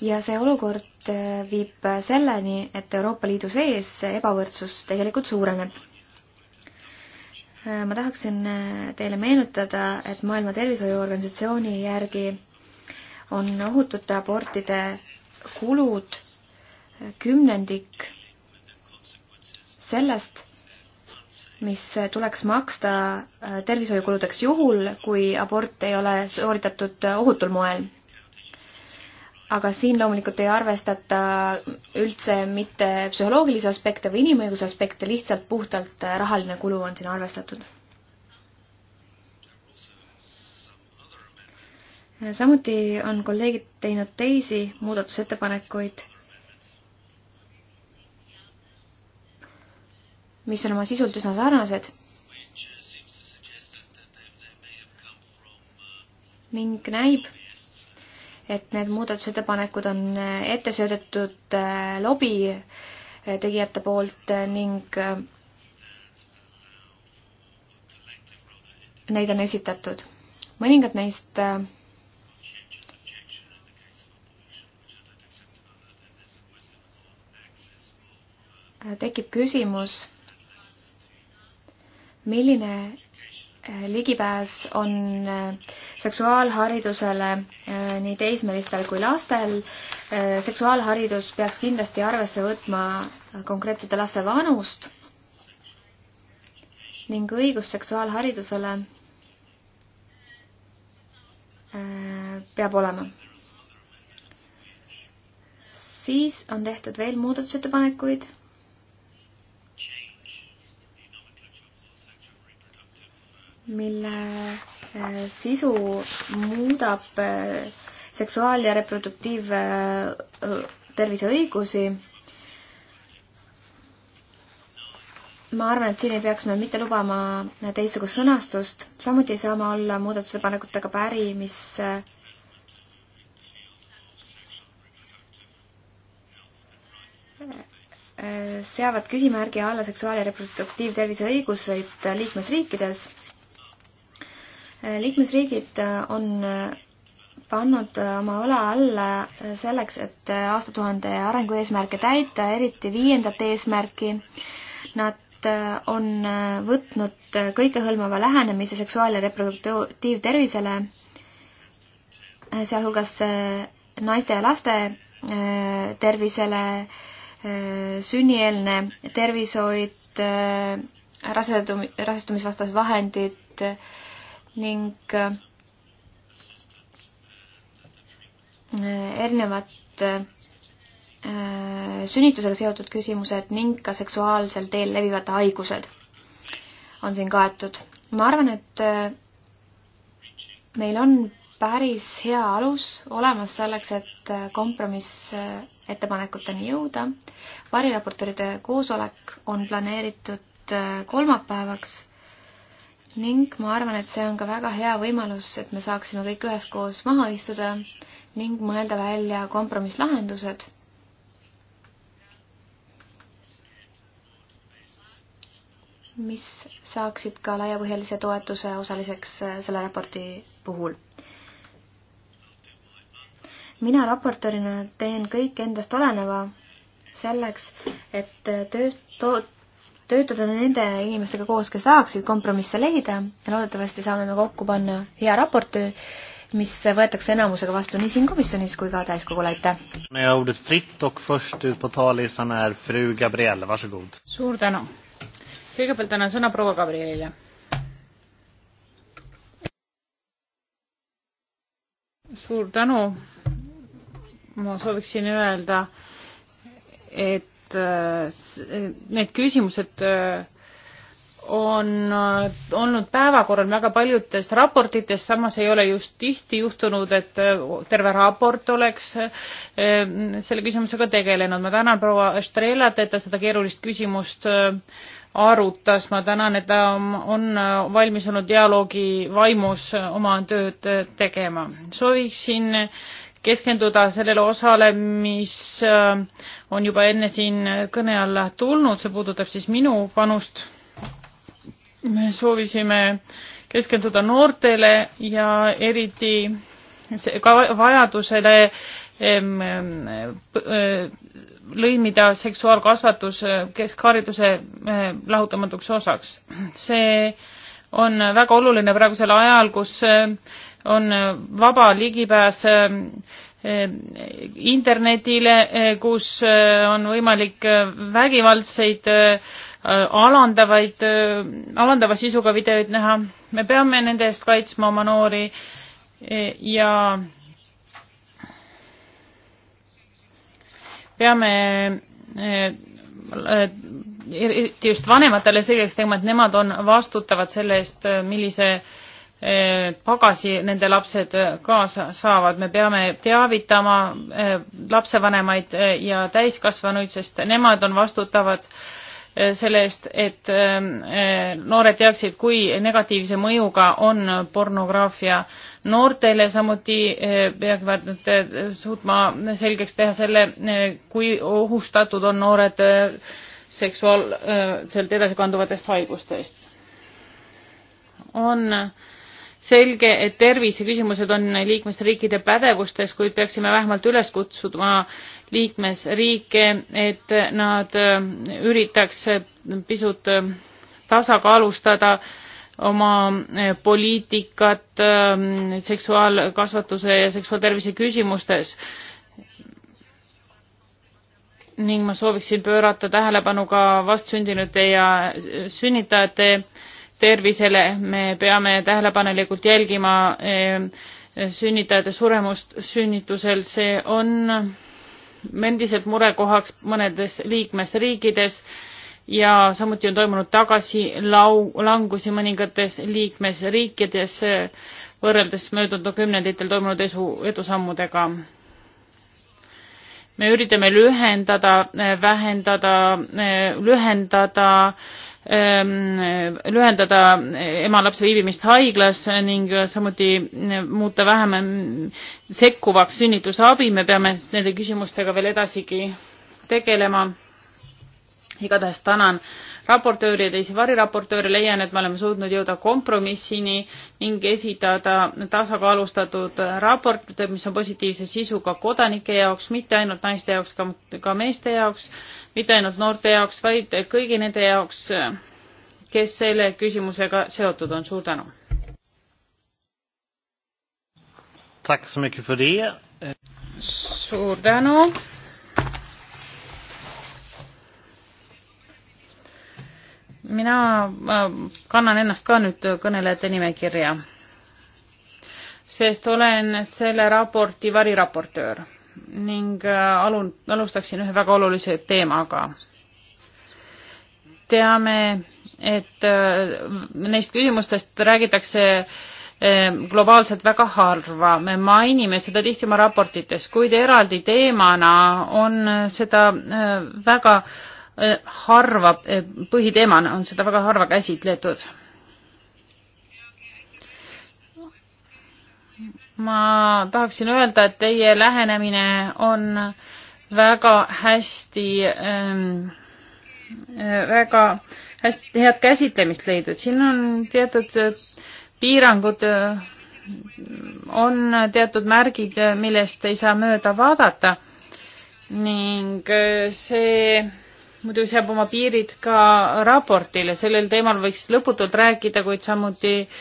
ja see olukord Brexit äh, viib selleni, et Euroopa Liidu sees ebavõrdsus tegelikult suureneb. Äh, ma tahaksin äh, teile meenutada, et Maailma Tervishoiuorganisatsiooni järgi on ohutute abortide kulud kümnendik sellest, mis tuleks maksta tervishoiukuludeks juhul, kui abort ei ole sooritatud ohutul moel aga siin loomulikult ei arvestata üldse mitte psühholoogilisi aspekte või inimõiguse aspekte, lihtsalt puhtalt rahaline kulu on siin arvestatud. samuti on kolleegid teinud teisi muudatusettepanekuid, mis on oma sisult üsna sarnased ning näib, et need muudatusettepanekud on ette söödetud äh, lobi äh, tegijate poolt ning äh, neid on esitatud. mõningad neist tekib küsimus, milline Äh, ligipääs on äh, seksuaalharidusele äh, nii teismelistel kui lastel. seksuaalharidus peaks kindlasti arvesse võtma konkreetsete laste vanust ning õigus seksuaalharidusele peab olema. siis on tehtud veel muudatusettepanekuid mille äh, sisu muudab äh, seksuaal- ja reproduktiivtervise äh, õigusi. ma arvan, et siin ei peaks me mitte lubama teistsugust sõnastust, samuti ei saa ma olla muudatusettepanekutega päri, mis seavad küsimärgi alla seksuaal- ja reproduktiivtervise õiguseid liikmesriikides liikmesriigid äh, on äh, pannud äh, oma õla alla selleks, et aastatuhande arengueesmärke täita, eriti viiendat eesmärki. Nad on võtnud kõikehõlmava lähenemise seksuaal- ja reproduktiivtervisele, sealhulgas naiste ja laste tervisele, sünnieelne tervishoid, rasedum-, rasestumisvastased vahendid, ning äh, erinevad äh, sünnitusega seotud küsimused ning ka seksuaalsel teel levivad haigused on siin kaetud. ma arvan, et äh, meil on päris hea alus olemas selleks, et kompromissettepanekuteni jõuda. variraportorite koosolek on planeeritud kolmapäevaks ning ma arvan, et see on ka väga hea võimalus, et me saaksime kõik üheskoos maha istuda ning mõelda välja kompromisslahendused. mis saaksid ka laiapõhjalise toetuse osaliseks äh, selle raporti puhul. mina raportöörina teen kõik endast oleneva selleks, et tööst-, töötada nende inimestega koos, kes tahaksid kompromisse leida ja loodetavasti saame me kokku panna hea raportöö, mis võetakse enamusega vastu nii siin komisjonis kui ka täiskogul, aitäh! suur tänu! kõigepealt annan sõna proua Gabrielile. suur tänu, ma sooviksin öelda, et et äh, need küsimused äh, on äh, olnud päevakorral väga paljudes raportites, samas ei ole just tihti juhtunud, et terve raport oleks selle küsimusega tegelenud. ma tänan proua Estrelat, et ta seda keerulist küsimust arutas, ma tänan, et ta on valmis olnud dialoogi vaimus oma tööd tegema. sooviksin keskenduda sellele osale, mis äh, on juba enne siin kõne alla tulnud, see puudutab siis minu panust. me soovisime keskenduda noortele ja eriti ka vajadusele lõimida seksuaalkasvatus äh, keskhariduse äh, lahutamatuks osaks. see on väga oluline praegusel ajal, kus on vaba ligipääs äh, äh, internetile, äh, kus on võimalik vägivaldseid, alandavaid, alandava sisuga videoid näha. me peame nende eest kaitsma oma noori ja peame eriti just vanematele selgeks tegema, et nemad on vastutavad selle eest, millise Eh, pagasi nende lapsed eh, kaasa saavad. me peame teavitama eh, lapsevanemaid ja täiskasvanuid, sest nemad on vastutavad selle eest, et noored teaksid, kui negatiivse mõjuga on pornograafia noortele, samuti peavad nad suutma selgeks teha selle, kui ohustatud on noored seksuaalselt edasikanduvatest haigustest. on äh, selge, et terviseküsimused on liikmesriikide pädevustes, kuid peaksime vähemalt üles kutsuma liikmesriike, et nad äh, üritaks äh, pisut äh, tasakaalustada oma poliitikat ähm, seksuaalkasvatuse ja seksuaaltervise küsimustes. ning ma sooviksin pöörata tähelepanu ka vastsündinute ja sünnitajate äh, tervisele, me peame tähelepanelikult jälgima eh, sünnitajate suremust sünnitusel, see on endiselt murekohaks mõnedes liikmesriikides ja samuti on toimunud tagasilangusi mõningates liikmesriikides eh, võrreldes möödunud kümnenditel toimunud esu, edusammudega. me üritame lühendada, eh, vähendada, lühendada Ähm, lühendada ema lapse viibimist haiglas ning samuti muuta vähem sekkuvaks sünnitusabi, me peame nende küsimustega veel edasigi tegelema. igatahes tänan raportööri ja teisi variraportööre, leian, et me oleme suutnud jõuda kompromissini ning esitada tasakaalustatud raport, mis on positiivse sisuga kodanike jaoks, mitte ainult naiste jaoks, ka meeste jaoks mitte ainult noorte jaoks, vaid kõigi nende jaoks, kes selle küsimusega seotud on. suur tänu! suur tänu! mina kannan ennast ka nüüd kõnelejate nimekirja, sest olen selle raporti variraportöör ning äh, alun-, alustaksin ühe väga olulise teemaga. teame, et äh, neist küsimustest räägitakse äh, globaalselt väga harva, me mainime seda tihti oma raportites, kuid eraldi teemana on seda väga harva, põhiteemana on seda väga harva käsitletud ma tahaksin öelda, et teie lähenemine on väga hästi ähm,, äh, väga hästi, head käsitlemist leidnud. siin on teatud äh, piirangud, äh, on teatud märgid, millest ei saa mööda vaadata ning see muidu seab oma piirid ka raportile, sellel teemal võiks lõputult rääkida, kuid samuti äh,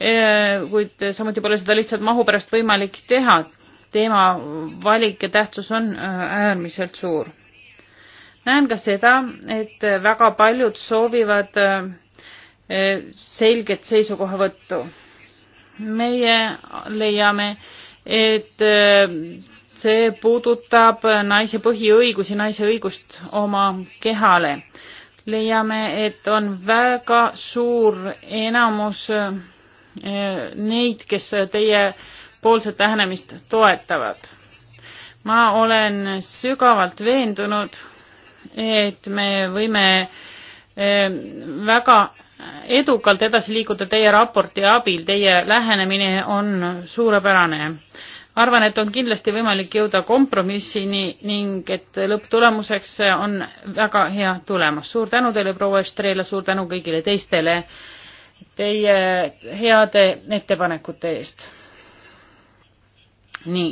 kuid samuti pole seda lihtsalt mahu pärast võimalik teha. teema valik ja tähtsus on äh, äärmiselt suur. näen ka seda, et väga paljud soovivad äh, äh, selget seisukohavõttu. meie leiame, et see puudutab naise põhiõigusi, naise õigust oma kehale. leiame, et on väga suur enamus neid, kes teie poolset lähenemist toetavad. ma olen sügavalt veendunud, et me võime eh, väga edukalt edasi liikuda teie raporti abil, teie lähenemine on suurepärane. arvan, et on kindlasti võimalik jõuda kompromissini ning et lõpptulemuseks on väga hea tulemus. suur tänu teile, proua Estrela, suur tänu kõigile teistele teie heade ettepanekute eest. nii,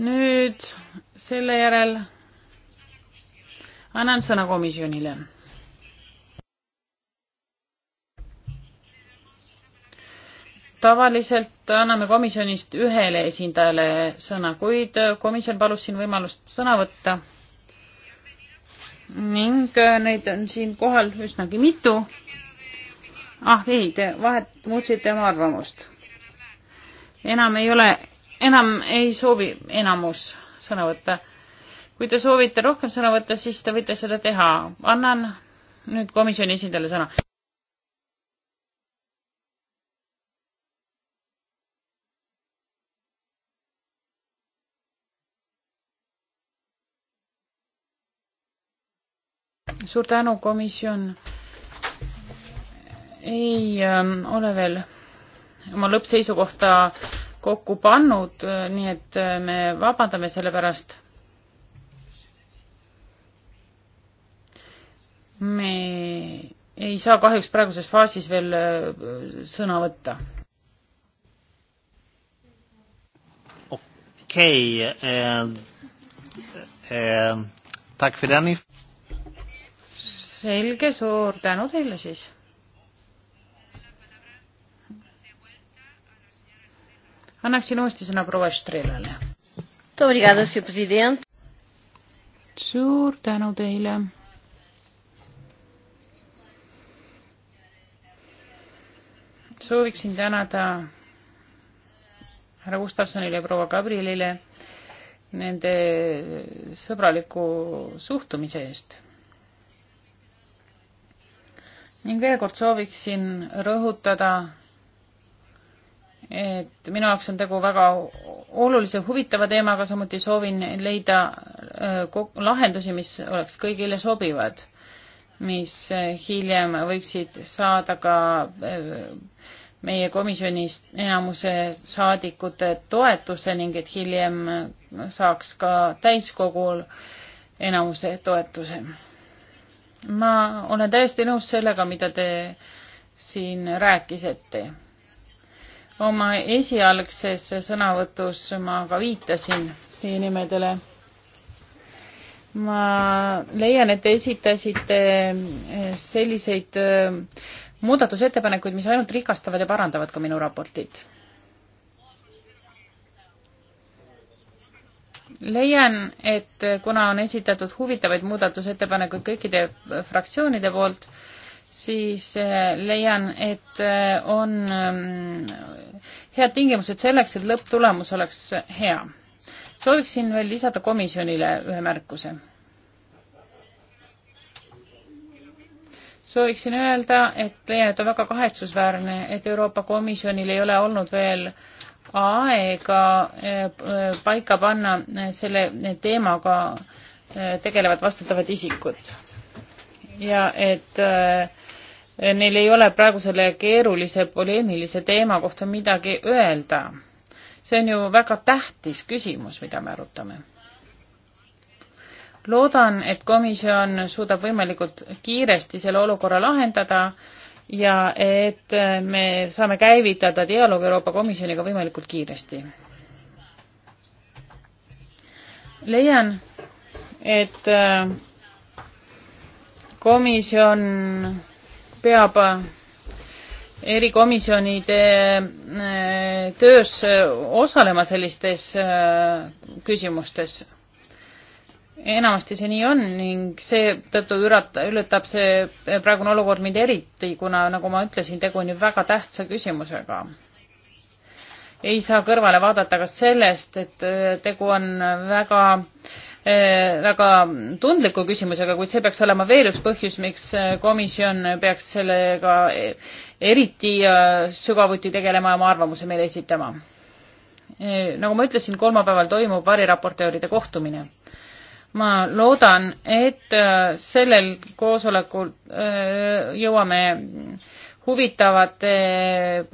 nüüd selle järel annan sõna komisjonile. tavaliselt anname komisjonist ühele esindajale sõna, kuid komisjon palus siin võimalust sõna võtta ning neid on siin kohal üsnagi mitu ah ei, te vahet, muutsite oma arvamust. enam ei ole, enam ei soovi enamus sõna võtta. kui te soovite rohkem sõna võtta, siis te võite seda teha. annan nüüd komisjoni esindajale sõna. suur tänu, komisjon ei ähm, ole veel oma lõppseisukohta kokku pannud, äh, nii et äh, me vabandame selle pärast. me ei saa kahjuks praeguses faasis veel äh, sõna võtta. okei okay,, äh, äh, selge, suur tänu teile siis annaksin uuesti sõna proua Estrelale. suur tänu teile. sooviksin tänada härra Gustavsonile ja proua Gabrielile nende sõbraliku suhtumise eest. ning veel kord sooviksin rõhutada et minu jaoks on tegu väga olulise huvitava teemaga, samuti soovin leida äh, lahendusi, mis oleks kõigile sobivad, mis äh, hiljem võiksid saada ka äh, meie komisjonis enamuse saadikute toetuse ning et hiljem saaks ka täiskogul enamuse toetuse. ma olen täiesti nõus sellega, mida te siin rääkisite oma esialgses sõnavõtus ma ka viitasin teie nimedele. ma leian, et te esitasite eh, selliseid eh, muudatusettepanekuid, mis ainult rikastavad ja parandavad ka minu raportit. leian, et kuna on esitatud huvitavaid muudatusettepanekuid kõikide fraktsioonide poolt, siis äh, leian, et äh, on ähm, head tingimused selleks, et lõpptulemus oleks hea. sooviksin veel lisada komisjonile ühe märkuse. sooviksin öelda, et leian, et on väga kahetsusväärne, et Euroopa Komisjonil ei ole olnud veel aega äh, paika panna selle teemaga tegelevad vastutavad isikud ja et äh, neil ei ole praegu selle keerulise poleemilise teema kohta midagi öelda. see on ju väga tähtis küsimus, mida me arutame. loodan, et komisjon suudab võimalikult kiiresti selle olukorra lahendada ja et äh, me saame käivitada dialoogi Euroopa Komisjoniga võimalikult kiiresti. leian, et äh, komisjon peab erikomisjonide äh, töös osalema sellistes äh, küsimustes. enamasti see nii on ning seetõttu ületab see äh, praegune olukord mind eriti, kuna nagu ma ütlesin, tegu on ju väga tähtsa küsimusega. ei saa kõrvale vaadata ka sellest, et tegu on väga äh, Eh, väga tundliku küsimusega, kuid see peaks olema veel üks põhjus, miks eh, komisjon peaks sellega eh, eriti sügavuti tegelema ja oma arvamuse meile esitama. nagu ma ütlesin, kolmapäeval toimub variraportööride kohtumine. ma loodan, et sellel koosolekul jõuame huvitavate,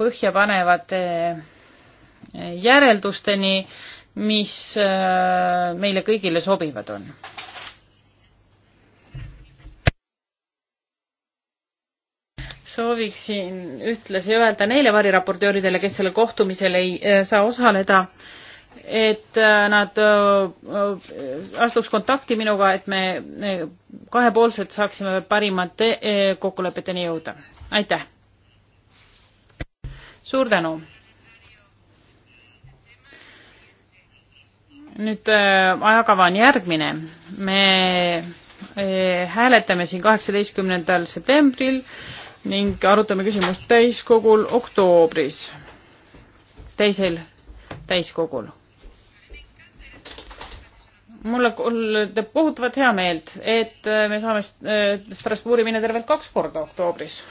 põhjapanevate järeldusteni mis äh, meile kõigile sobivad on. sooviksin ühtlasi öelda neile variraportööridele, kes sellel kohtumisel ei äh, saa osaleda, et äh, nad astuks kontakti minuga, et me kahepoolselt saaksime parimate kokkulepeteni jõuda. aitäh! suur tänu! nüüd äh, ajakava on järgmine. me äh, hääletame siin kaheksateistkümnendal septembril ning arutame küsimust täiskogul oktoobris, teisel täiskogul. mulle teeb kohutavalt hea meelt, et äh, me saame Strasbourgi minna tervelt kaks korda oktoobris.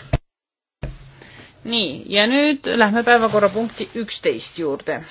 nii, ja nüüd lähme päevakorrapunkti üksteist juurde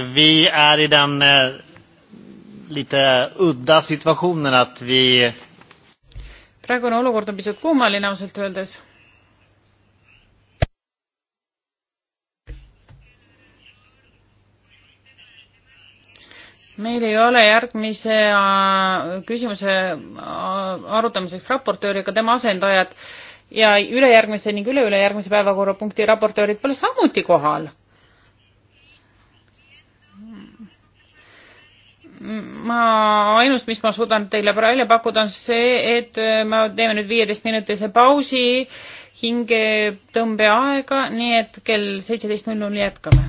Vi är i den eh, lite udda situationen att vi praegune olukord on pisut kummaline ausalt öeldes. meil ei ole järgmise äh, küsimuse äh, arutamiseks raportööri ega tema asendajat ja ülejärgmise ning üleülejärgmise päevakorrapunkti raportöörid pole samuti kohal ma, ainus, mis ma suudan teile välja pakkuda, on see, et äh, me teeme nüüd viieteistminutilise pausi, hingetõmbeaega, nii et kell seitseteist null null jätkame.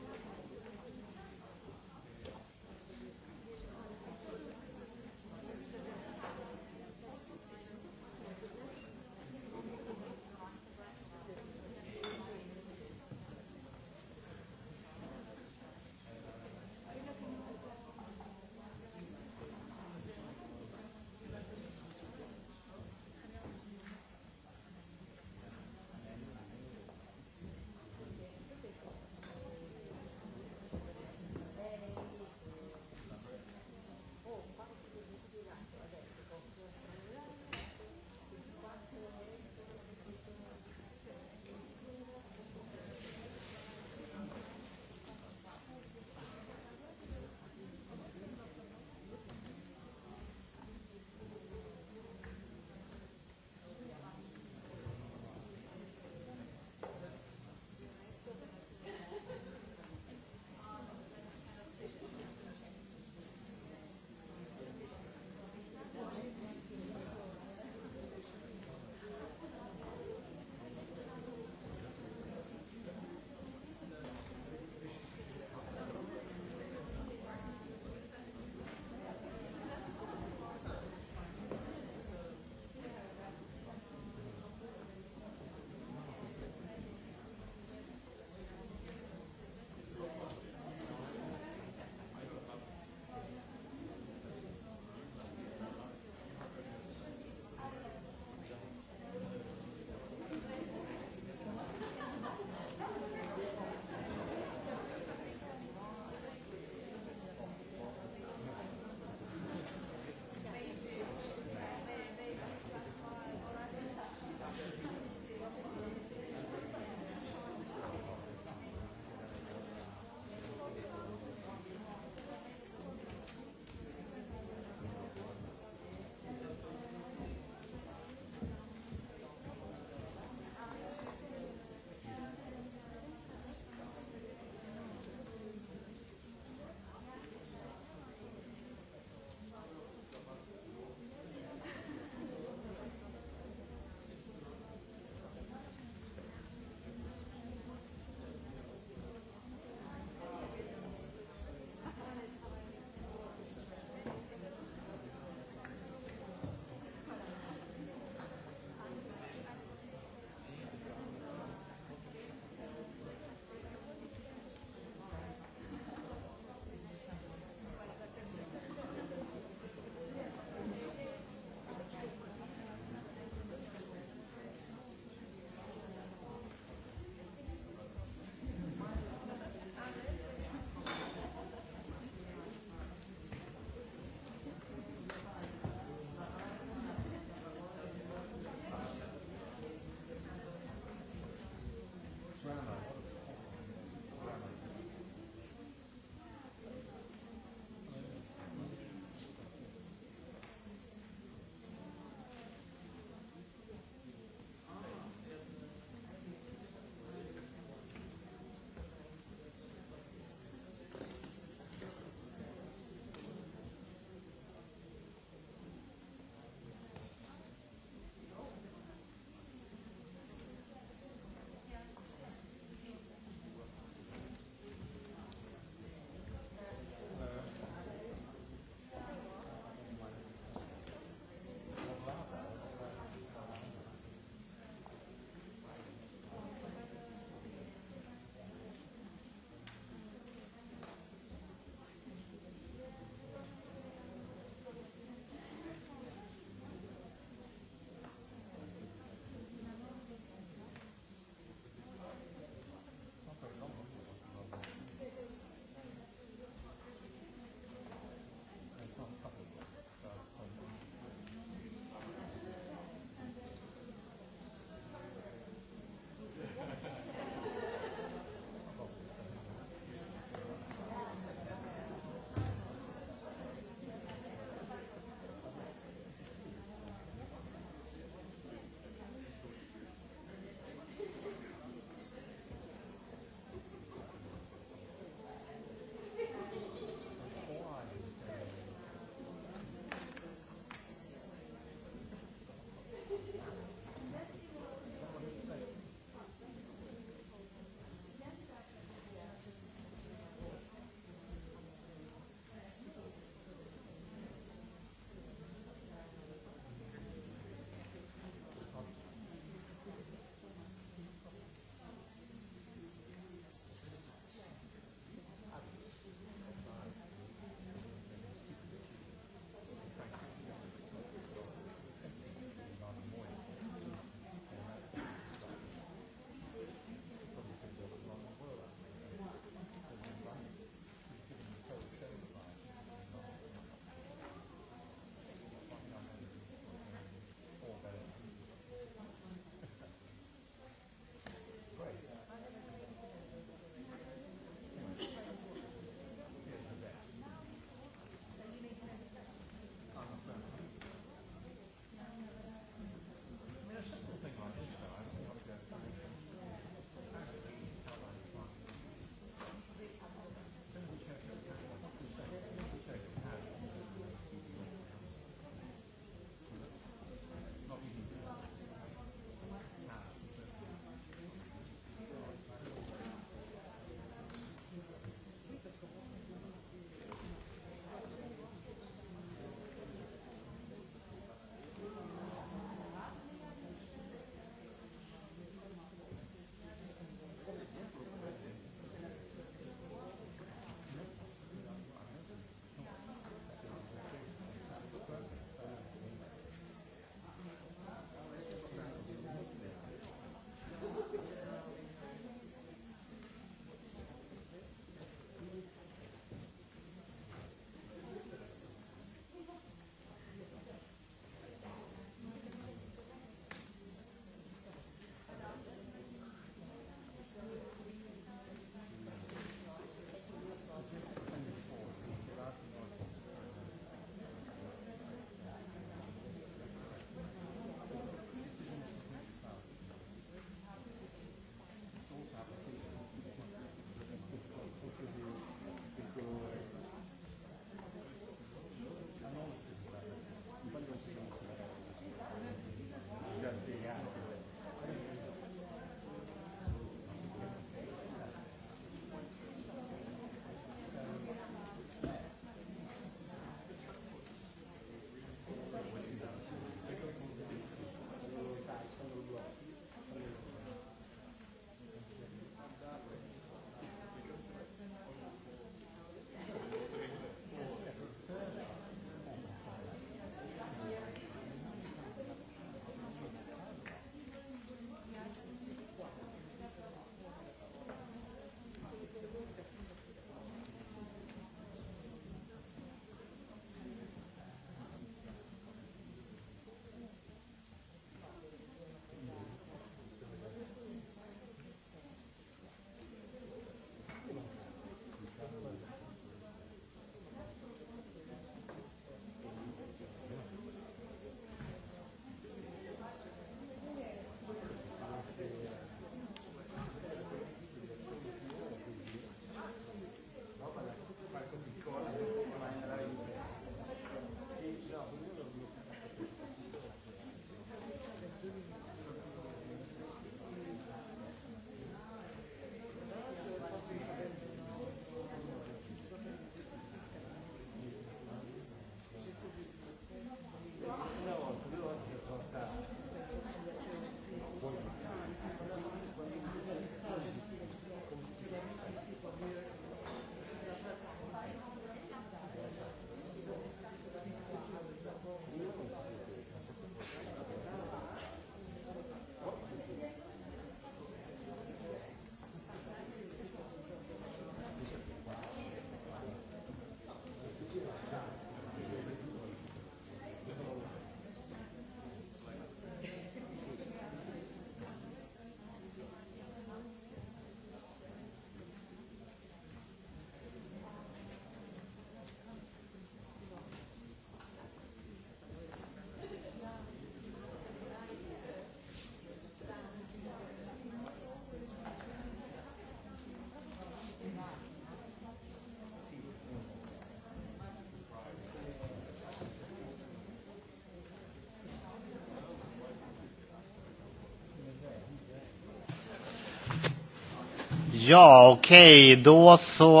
Ja, okej. Okay. Då så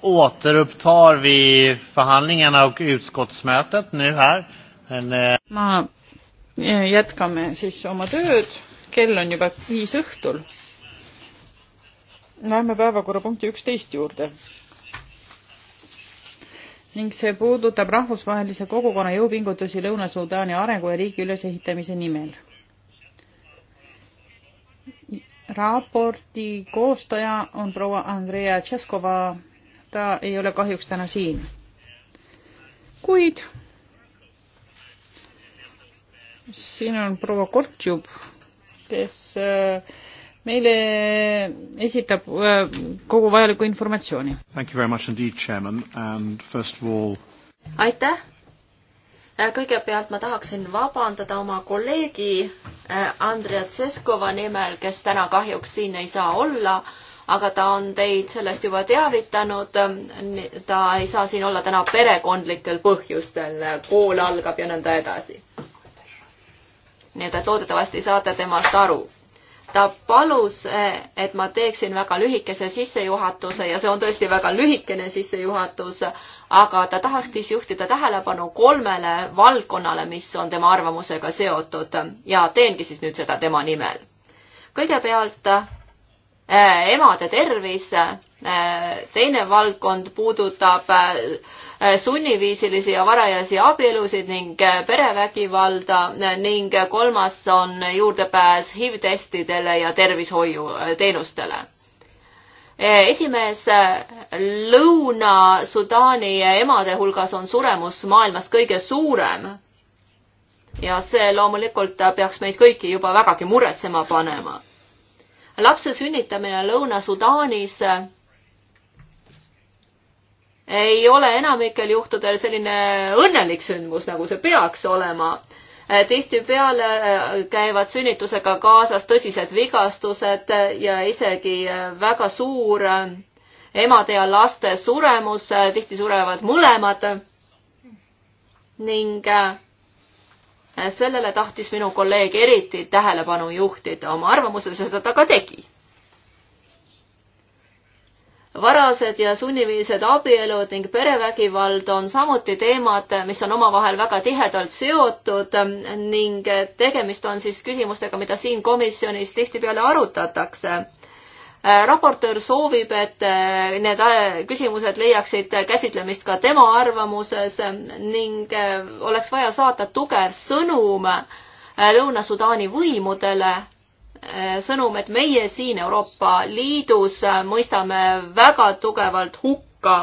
återupptar vi förhandlingarna och utskottsmötet nu här. Men, eh... Ma eh, jätkame siis oma tööd. Kell on juba viis õhtul. Läheme päevakorrapunkti üksteist juurde. ning see puudutab rahvusvahelise kogukonna jõupingutusi Lõuna-Sudaani arengu ja riigi ülesehitamise nimel raporti koostaja on proua Andrea Tšeskova. ta ei ole kahjuks täna siin. kuid siin on proua Kortšub, kes äh, meile esitab äh, kogu vajaliku informatsiooni. All... aitäh Äh, kõigepealt ma tahaksin vabandada oma kolleegi äh, Andrea Tseskova nimel, kes täna kahjuks siin ei saa olla, aga ta on teid sellest juba teavitanud. Ähm, ta ei saa siin olla täna perekondlikel põhjustel, kool algab ja nõnda edasi. nii et, et loodetavasti saate temast aru ta palus, äh, et ma teeksin väga lühikese sissejuhatuse ja see on tõesti väga lühikene sissejuhatus aga ta tahaksis juhtida tähelepanu kolmele valdkonnale, mis on tema arvamusega seotud ja teengi siis nüüd seda tema nimel. kõigepealt äh, emade tervis äh,, teine valdkond puudutab äh, sunniviisilisi ja varajasi abielusid ning äh, perevägivalda ning kolmas on juurdepääs HIV-testidele ja tervishoiuteenustele Eh, esimees eh, Lõuna-Sudaani eh, emade hulgas on suremus maailmas kõige suurem. ja see loomulikult peaks meid kõiki juba vägagi muretsema panema. lapse sünnitamine Lõuna-Sudaanis ei ole enamikel juhtudel selline õnnelik sündmus, nagu see peaks olema Äh, tihtipeale äh, käivad sünnitusega kaasas tõsised vigastused äh, ja isegi väga suur emade ja laste suremus, tihti surevad mõlemad. ning sellele tahtis minu kolleeg eriti tähelepanu juhtida oma arvamuses ja seda ta ka tegi varased ja sunniviilised abielud ning perevägivald on samuti teemad, mis on omavahel väga tihedalt seotud ning tegemist on siis küsimustega, mida siin komisjonis tihtipeale arutatakse. raportöör soovib, et need äh, küsimused leiaksid käsitlemist ka tema arvamuses ning äh, oleks vaja saata tugev sõnum äh, Lõuna-Sudaani võimudele Äh, sõnum, et meie siin Euroopa Liidus äh, mõistame väga tugevalt hukka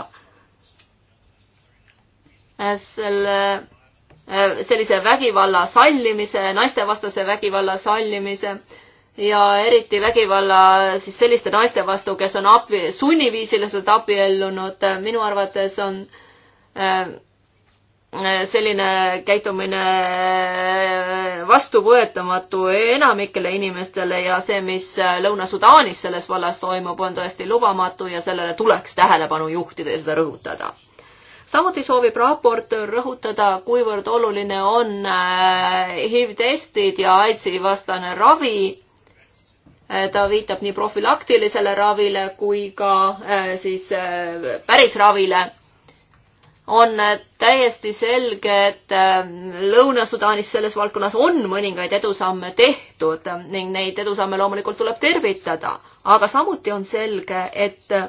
äh, selle sellise vägivalla sallimise, naistevastase vägivalla sallimise ja eriti vägivalla siis selliste naiste vastu, kes on abi, sunniviisiliselt abiellunud, minu arvates on äh, selline käitumine äh, vastuvõetamatu enamikele inimestele ja see, mis Lõuna-Sudaanis selles vallas toimub, on tõesti lubamatu ja sellele tuleks tähelepanu juhtida ja seda rõhutada. samuti soovib raportöör rõhutada, kuivõrd oluline on äh, HIV-testid ja AIDSi vastane ravi. Äh, ta viitab nii profülaktilisele ravile kui ka siis päris ravile on täiesti selge, et äh, Lõuna-Sudaanis selles valdkonnas on mõningaid edusamme tehtud ning neid edusamme loomulikult tuleb tervitada, aga samuti on selge, et äh,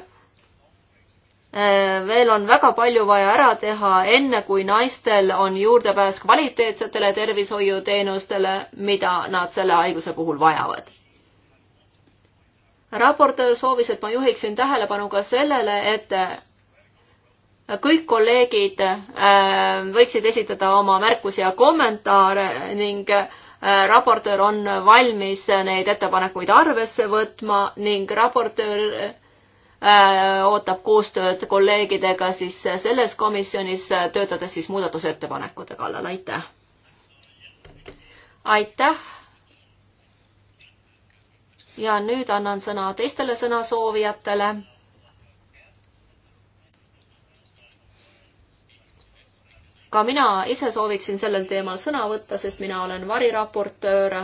veel on väga palju vaja ära teha, enne kui naistel on juurdepääs kvaliteetsetele tervishoiuteenustele, mida nad selle haiguse puhul vajavad. raportöör soovis, et ma juhiksin tähelepanu ka sellele, et kõik kolleegid äh, võiksid esitada oma märkusi ja kommentaare ning äh, raportöör on valmis neid ettepanekuid arvesse võtma ning raportöör äh, ootab koostööd kolleegidega siis selles komisjonis, töötades siis muudatusettepanekute kallal, aitäh! aitäh! ja nüüd annan sõna teistele sõnasoovijatele ka mina ise sooviksin sellel teemal sõna võtta, sest mina olen variraportöör.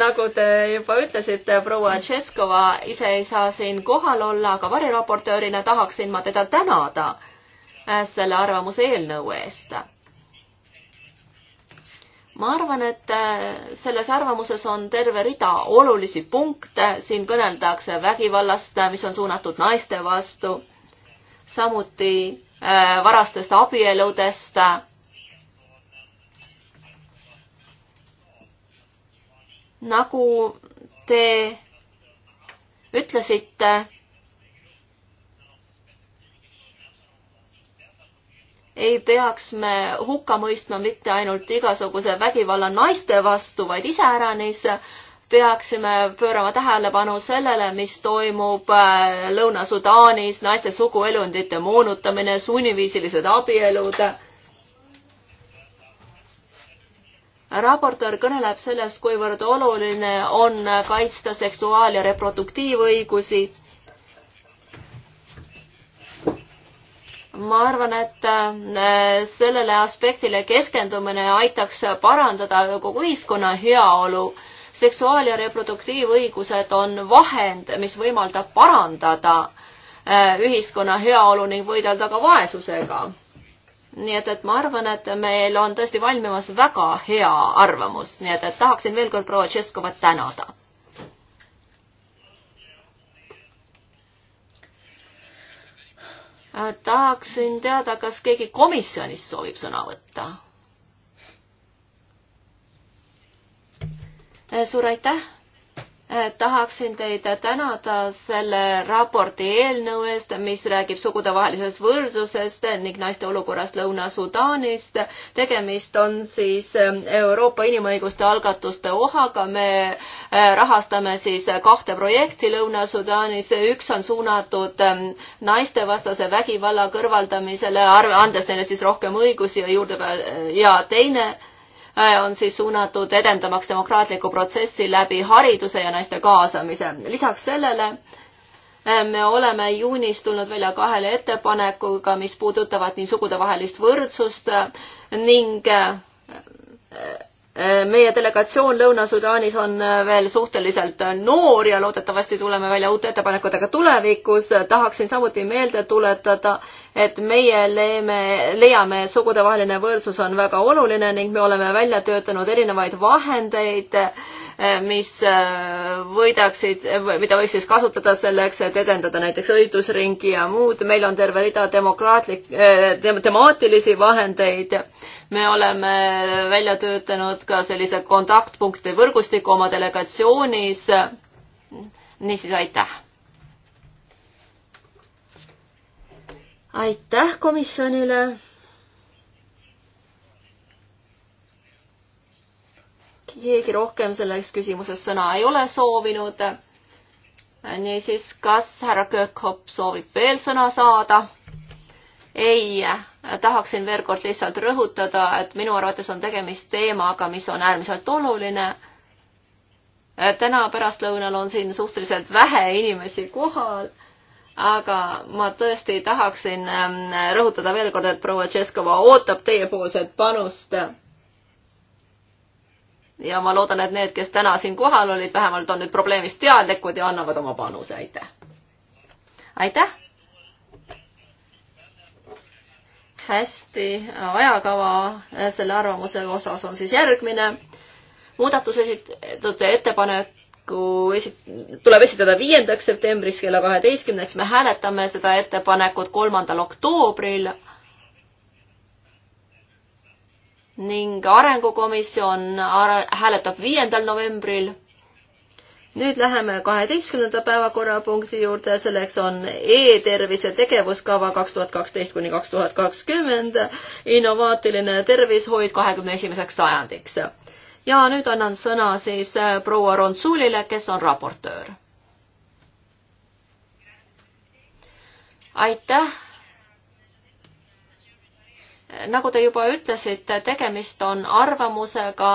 nagu te juba ütlesite, proua Tšeskova ise ei saa siin kohal olla, aga variraportöörina tahaksin ma teda tänada äh, selle arvamuse eelnõu eest ma arvan, et äh, selles arvamuses on terve rida olulisi punkte, siin kõneldakse vägivallast, äh, mis on suunatud naiste vastu, samuti äh, varastest abieludest. nagu te ütlesite ei peaks me hukka mõistma mitte ainult igasuguse vägivalla naiste vastu, vaid iseäranis peaksime pöörama tähelepanu sellele, mis toimub äh, Lõuna-Sudaanis, naiste suguelundite moonutamine, sunniviisilised abielud. raportöör kõneleb sellest, kuivõrd oluline on kaitsta seksuaal- ja reproduktiivõigusi ma arvan, et äh, sellele aspektile keskendumine aitaks parandada kogu ühiskonna heaolu. seksuaal- ja reproduktiivõigused on vahend, mis võimaldab parandada äh, ühiskonna heaolu ning võidelda ka vaesusega. nii et, et ma arvan, et meil on tõesti valmimas väga hea arvamus, nii et, et tahaksin veel kord proua Tšeskovat tänada Äh, tahaksin teada, kas keegi komisjonist soovib sõna võtta. Äh, suur aitäh Eh, tahaksin teid tänada selle raporti eelnõu eest, mis räägib sugudevahelisest võrdlusest ning naiste olukorrast Lõuna-Sudaanist. tegemist on siis eh, Euroopa inimõiguste algatuste ohaga. me eh, rahastame siis kahte projekti Lõuna-Sudaanis. üks on suunatud naistevastase vägivalla kõrvaldamisele, andes neile siis rohkem õigusi ja juurde ja teine Äh, on siis suunatud edendamaks demokraatlikku protsessi läbi hariduse ja naiste kaasamise. lisaks sellele äh, me oleme juunis tulnud välja kahele ettepanekuga, mis puudutavad nii sugudevahelist võrdsust äh, ning meie delegatsioon Lõuna-Sudaanis on veel suhteliselt noor ja loodetavasti tuleme välja uute ettepanekutega tulevikus. tahaksin samuti meelde tuletada, et meie leeme, leiame, sugudevaheline võrdsus on väga oluline ning me oleme välja töötanud erinevaid vahendeid, eh, mis eh, võidaksid, mida võiks siis kasutada selleks, et edendada näiteks õigusringi ja muud. meil on terve rida demokraatlik eh, te,, temaatilisi vahendeid. me oleme välja töötanud ka sellise kontaktpunkti võrgustiku oma delegatsioonis. niisiis, aitäh aitäh komisjonile. keegi rohkem selles küsimuses sõna ei ole soovinud. niisiis, kas härra Köökhopp soovib veel sõna saada? ei, tahaksin veel kord lihtsalt rõhutada, et minu arvates on tegemist teemaga, mis on äärmiselt oluline. täna pärastlõunal on siin suhteliselt vähe inimesi kohal aga ma tõesti tahaksin ähm, rõhutada veel kord, et proua Tšeskova ootab teiepoolset panust. ja ma loodan, et need, kes täna siin kohal olid, vähemalt on nüüd probleemist teadlikud ja annavad oma panuse, aitäh. aitäh. hästi, ajakava selle arvamuse osas on siis järgmine. muudatusesitute ettepanek ettepaneku esi-, tuleb esitada viiendaks septembriks kella kaheteistkümneks, me hääletame seda ettepanekut kolmandal oktoobril ning arengukomisjon are-, hääletab viiendal novembril. nüüd läheme kaheteistkümnenda päevakorrapunkti juurde, selleks on e-tervise tegevuskava kaks tuhat kaksteist kuni kaks tuhat kakskümmend, innovaatiline tervishoid kahekümne esimeseks sajandiks ja nüüd annan sõna siis äh, proua Ronsulile, kes on raportöör. aitäh. nagu te juba ütlesite, tegemist on arvamusega,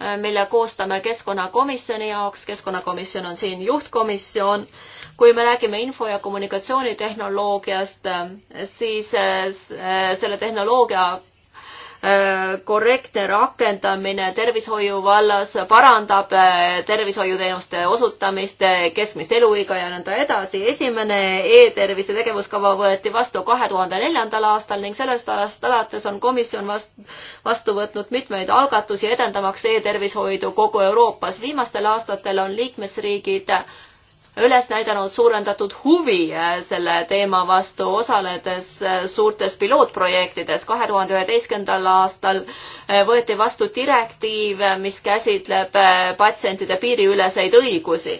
äh, mille koostame Keskkonnakomisjoni jaoks, Keskkonnakomisjon on siin juhtkomisjon. kui me räägime info- ja kommunikatsioonitehnoloogiast, äh, siis selle tehnoloogia Äh, korrektne rakendamine tervishoiu vallas parandab äh, tervishoiuteenuste osutamist, äh, keskmist eluiga ja nõnda edasi. esimene e-tervise tegevuskava võeti vastu kahe tuhande neljandal aastal ning sellest ajast alates on komisjon vast-, vastu võtnud mitmeid algatusi edendamaks e-tervishoidu kogu Euroopas. viimastel aastatel on liikmesriigid üles näidanud suurendatud huvi äh, selle teema vastu, osaledes äh, suurtes pilootprojektides. kahe tuhande üheteistkümnendal aastal äh, võeti vastu direktiiv, mis käsitleb patsientide piiriüleseid õigusi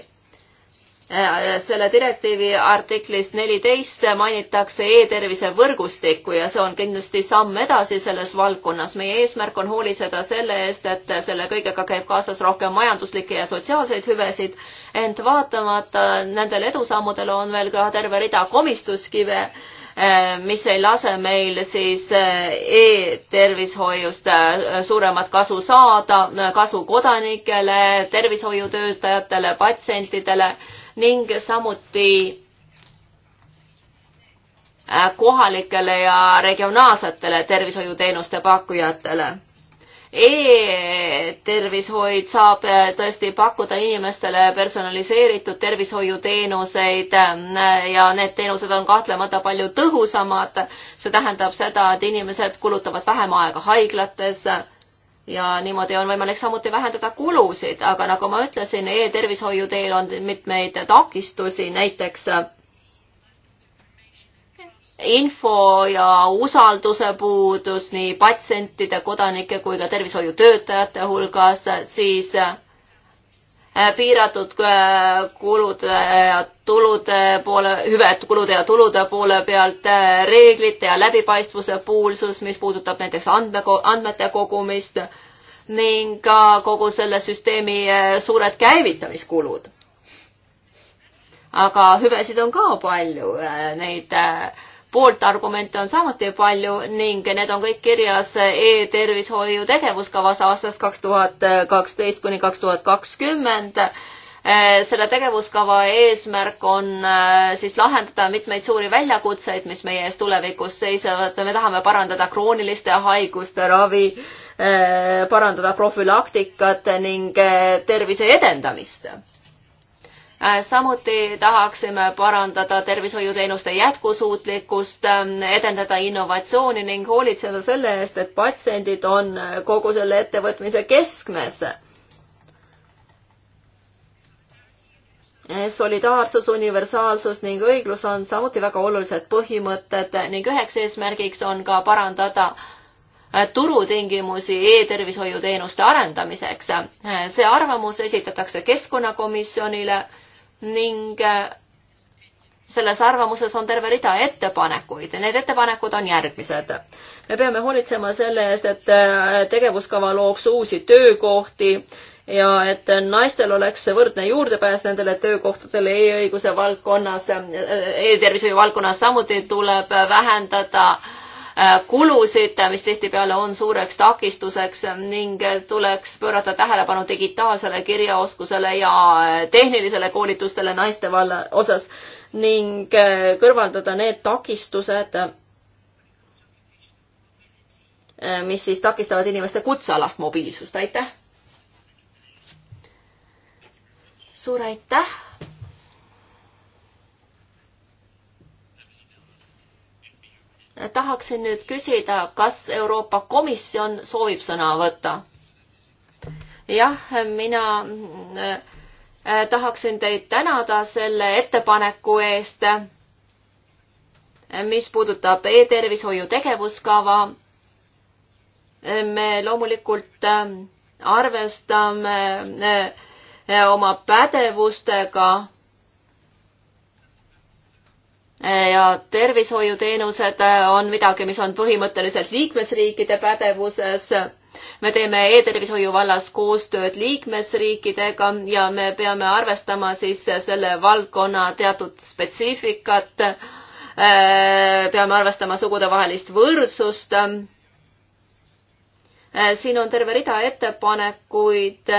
Äh, selle direktiivi artiklist neliteist mainitakse e-tervise võrgustikku ja see on kindlasti samm edasi selles valdkonnas. meie eesmärk on hoolitseda selle eest, et selle kõigega käib kaasas rohkem majanduslikke ja sotsiaalseid hüvesid, ent vaatamata nendele edusammudele on veel ka terve rida komistuskive, äh, mis ei lase meil siis äh, e-tervishoiust suuremat kasu saada, kasu kodanikele, tervishoiutöötajatele, patsientidele ning samuti äh, kohalikele ja regionaalsetele tervishoiuteenuste pakkujatele e-tervishoid saab äh, tõesti pakkuda inimestele personaliseeritud tervishoiuteenuseid äh, ja need teenused on kahtlemata palju tõhusamad. see tähendab seda, et inimesed kulutavad vähem aega haiglates ja niimoodi on võimalik samuti vähendada kulusid, aga nagu ma ütlesin e, e-tervishoiu teel on mitmeid takistusi, näiteks äh, info ja usalduse puudus nii patsientide, kodanike kui ka tervishoiutöötajate hulgas, siis äh, Äh, piiratud äh, kulude äh, ja tulude poole, hüved kulude ja tulude poole pealt, reeglite ja läbipaistvuse puulsus, mis puudutab näiteks andme, andmete kogumist ning ka kogu selle süsteemi suured käivitamiskulud. aga hüvesid on ka palju, neid äh, pooltargumente on samuti palju ning need on kõik kirjas e-tervishoiu tegevuskavas aastast kaks tuhat kaksteist kuni kaks tuhat kakskümmend. selle tegevuskava eesmärk on äh, siis lahendada mitmeid suuri väljakutseid, mis meie ees tulevikus seisavad. me tahame parandada krooniliste haiguste ravi, äh, parandada profülaktikat ning äh, tervise edendamist Äh, samuti tahaksime parandada tervishoiuteenuste jätkusuutlikkust, ähm, edendada innovatsiooni ning hoolitseda selle eest, et patsiendid on kogu selle ettevõtmise keskmes. solidaarsus, universaalsus ning õiglus on samuti väga olulised põhimõtted ning üheks eesmärgiks on ka parandada äh, turutingimusi e-tervishoiuteenuste arendamiseks. Äh, see arvamus esitatakse Keskkonnakomisjonile ning äh, selles arvamuses on terve rida ettepanekuid ja need ettepanekud on järgmised. me peame hoolitsema selle eest, et äh, tegevuskava looks uusi töökohti ja et naistel oleks võrdne juurdepääs nendele töökohtadele e-õiguse valdkonnas e, e-tervishoiu e-, e-, e-, valdkonnas, samuti tuleb vähendada äh, Äh, kulusid, mis tihtipeale on suureks takistuseks ning tuleks pöörata tähelepanu digitaalsele kirjaoskusele ja tehnilisele koolitustele naiste valla osas ning äh, kõrvaldada need takistused, äh, mis siis takistavad inimeste kutsealast mobiilsust, aitäh! suur aitäh! tahaksin nüüd küsida, kas Euroopa Komisjon soovib sõna võtta? jah, mina äh, tahaksin teid tänada selle ettepaneku eest, mis puudutab e-tervishoiu tegevuskava. me loomulikult äh, arvestame äh, oma pädevustega ja tervishoiuteenused äh, on midagi, mis on põhimõtteliselt liikmesriikide pädevuses. me teeme e-tervishoiu vallas koostööd liikmesriikidega ja me peame arvestama siis selle valdkonna teatud spetsiifikat. Äh, peame arvestama sugudevahelist võrdsust. Äh, siin on terve rida ettepanekuid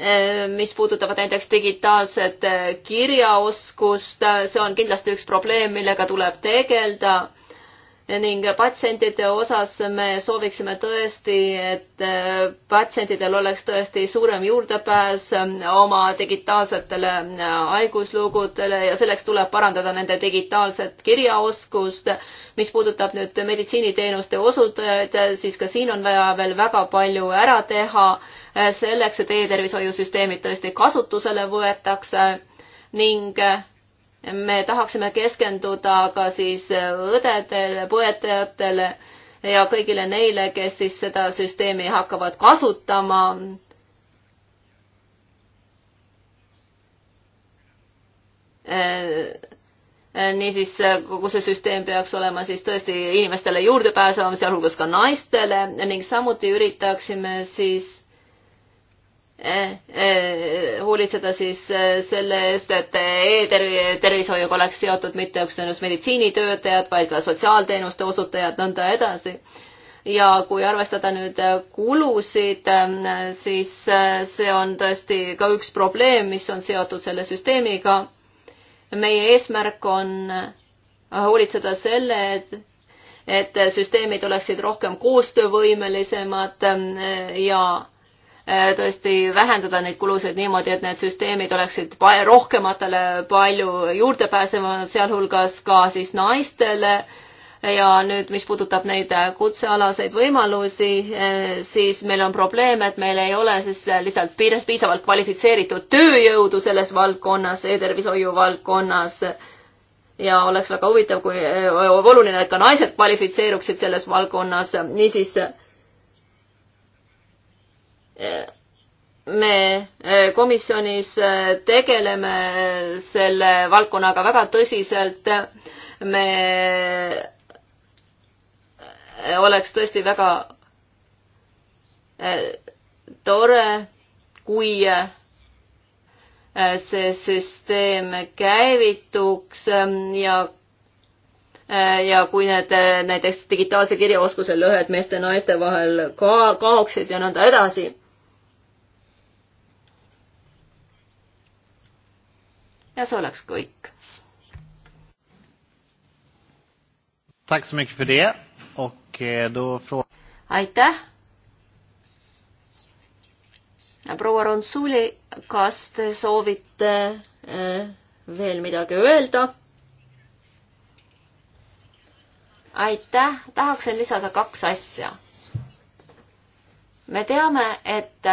Äh, mis puudutavad näiteks digitaalset äh, kirjaoskust, äh, see on kindlasti üks probleem, millega tuleb tegeleda ning patsientide osas me sooviksime tõesti, et äh, patsientidel oleks tõesti suurem juurdepääs ähm, oma digitaalsetele äh, haiguslugudele ja selleks tuleb parandada nende digitaalset kirjaoskust. mis puudutab nüüd meditsiiniteenuste osutajaid, siis ka siin on vaja veel väga palju ära teha äh, selleks, et e-tervishoiusüsteemid tõesti kasutusele võetakse ning me tahaksime keskenduda ka siis õdedele, põetajatele ja kõigile neile, kes siis seda süsteemi hakkavad kasutama. Äh, niisiis kogu see süsteem peaks olema siis tõesti inimestele juurdepääsevam, sealhulgas ka naistele ning samuti üritaksime siis Eh, eh, hoolitseda siis eh, selle eest, et e-tervishoiuga oleks seotud mitte üksnes meditsiinitöötajad, vaid ka sotsiaalteenuste osutajad, nõnda edasi. ja kui arvestada nüüd kulusid, siis see on tõesti ka üks probleem, mis on seotud selle süsteemiga. meie eesmärk on hoolitseda selle, et et süsteemid oleksid rohkem koostöövõimelisemad ja Äh, tõesti vähendada neid kulusid niimoodi, et need süsteemid oleksid rohkematele palju juurdepääsemad, sealhulgas ka siis naistele ja nüüd, mis puudutab neid kutsealaseid võimalusi, äh, siis meil on probleem, et meil ei ole siis lihtsalt piisavalt kvalifitseeritud tööjõudu selles valdkonnas e, e-tervishoiu valdkonnas. ja oleks väga huvitav, kui, äh, oluline, et ka naised kvalifitseeruksid selles valdkonnas, niisiis me eh, komisjonis eh, tegeleme eh, selle valdkonnaga väga tõsiselt. me oleks tõesti väga tore, kui see süsteem käivituks ja ja kui need näiteks digitaalse kirjaoskuse lõhed meeste ja naiste vahel ka kaoksid ja nõnda edasi ja see oleks kõik. Eh, aitäh. proua Ronsuli, kas te soovite eh, veel midagi öelda? aitäh, tahaksin lisada kaks asja. me teame, et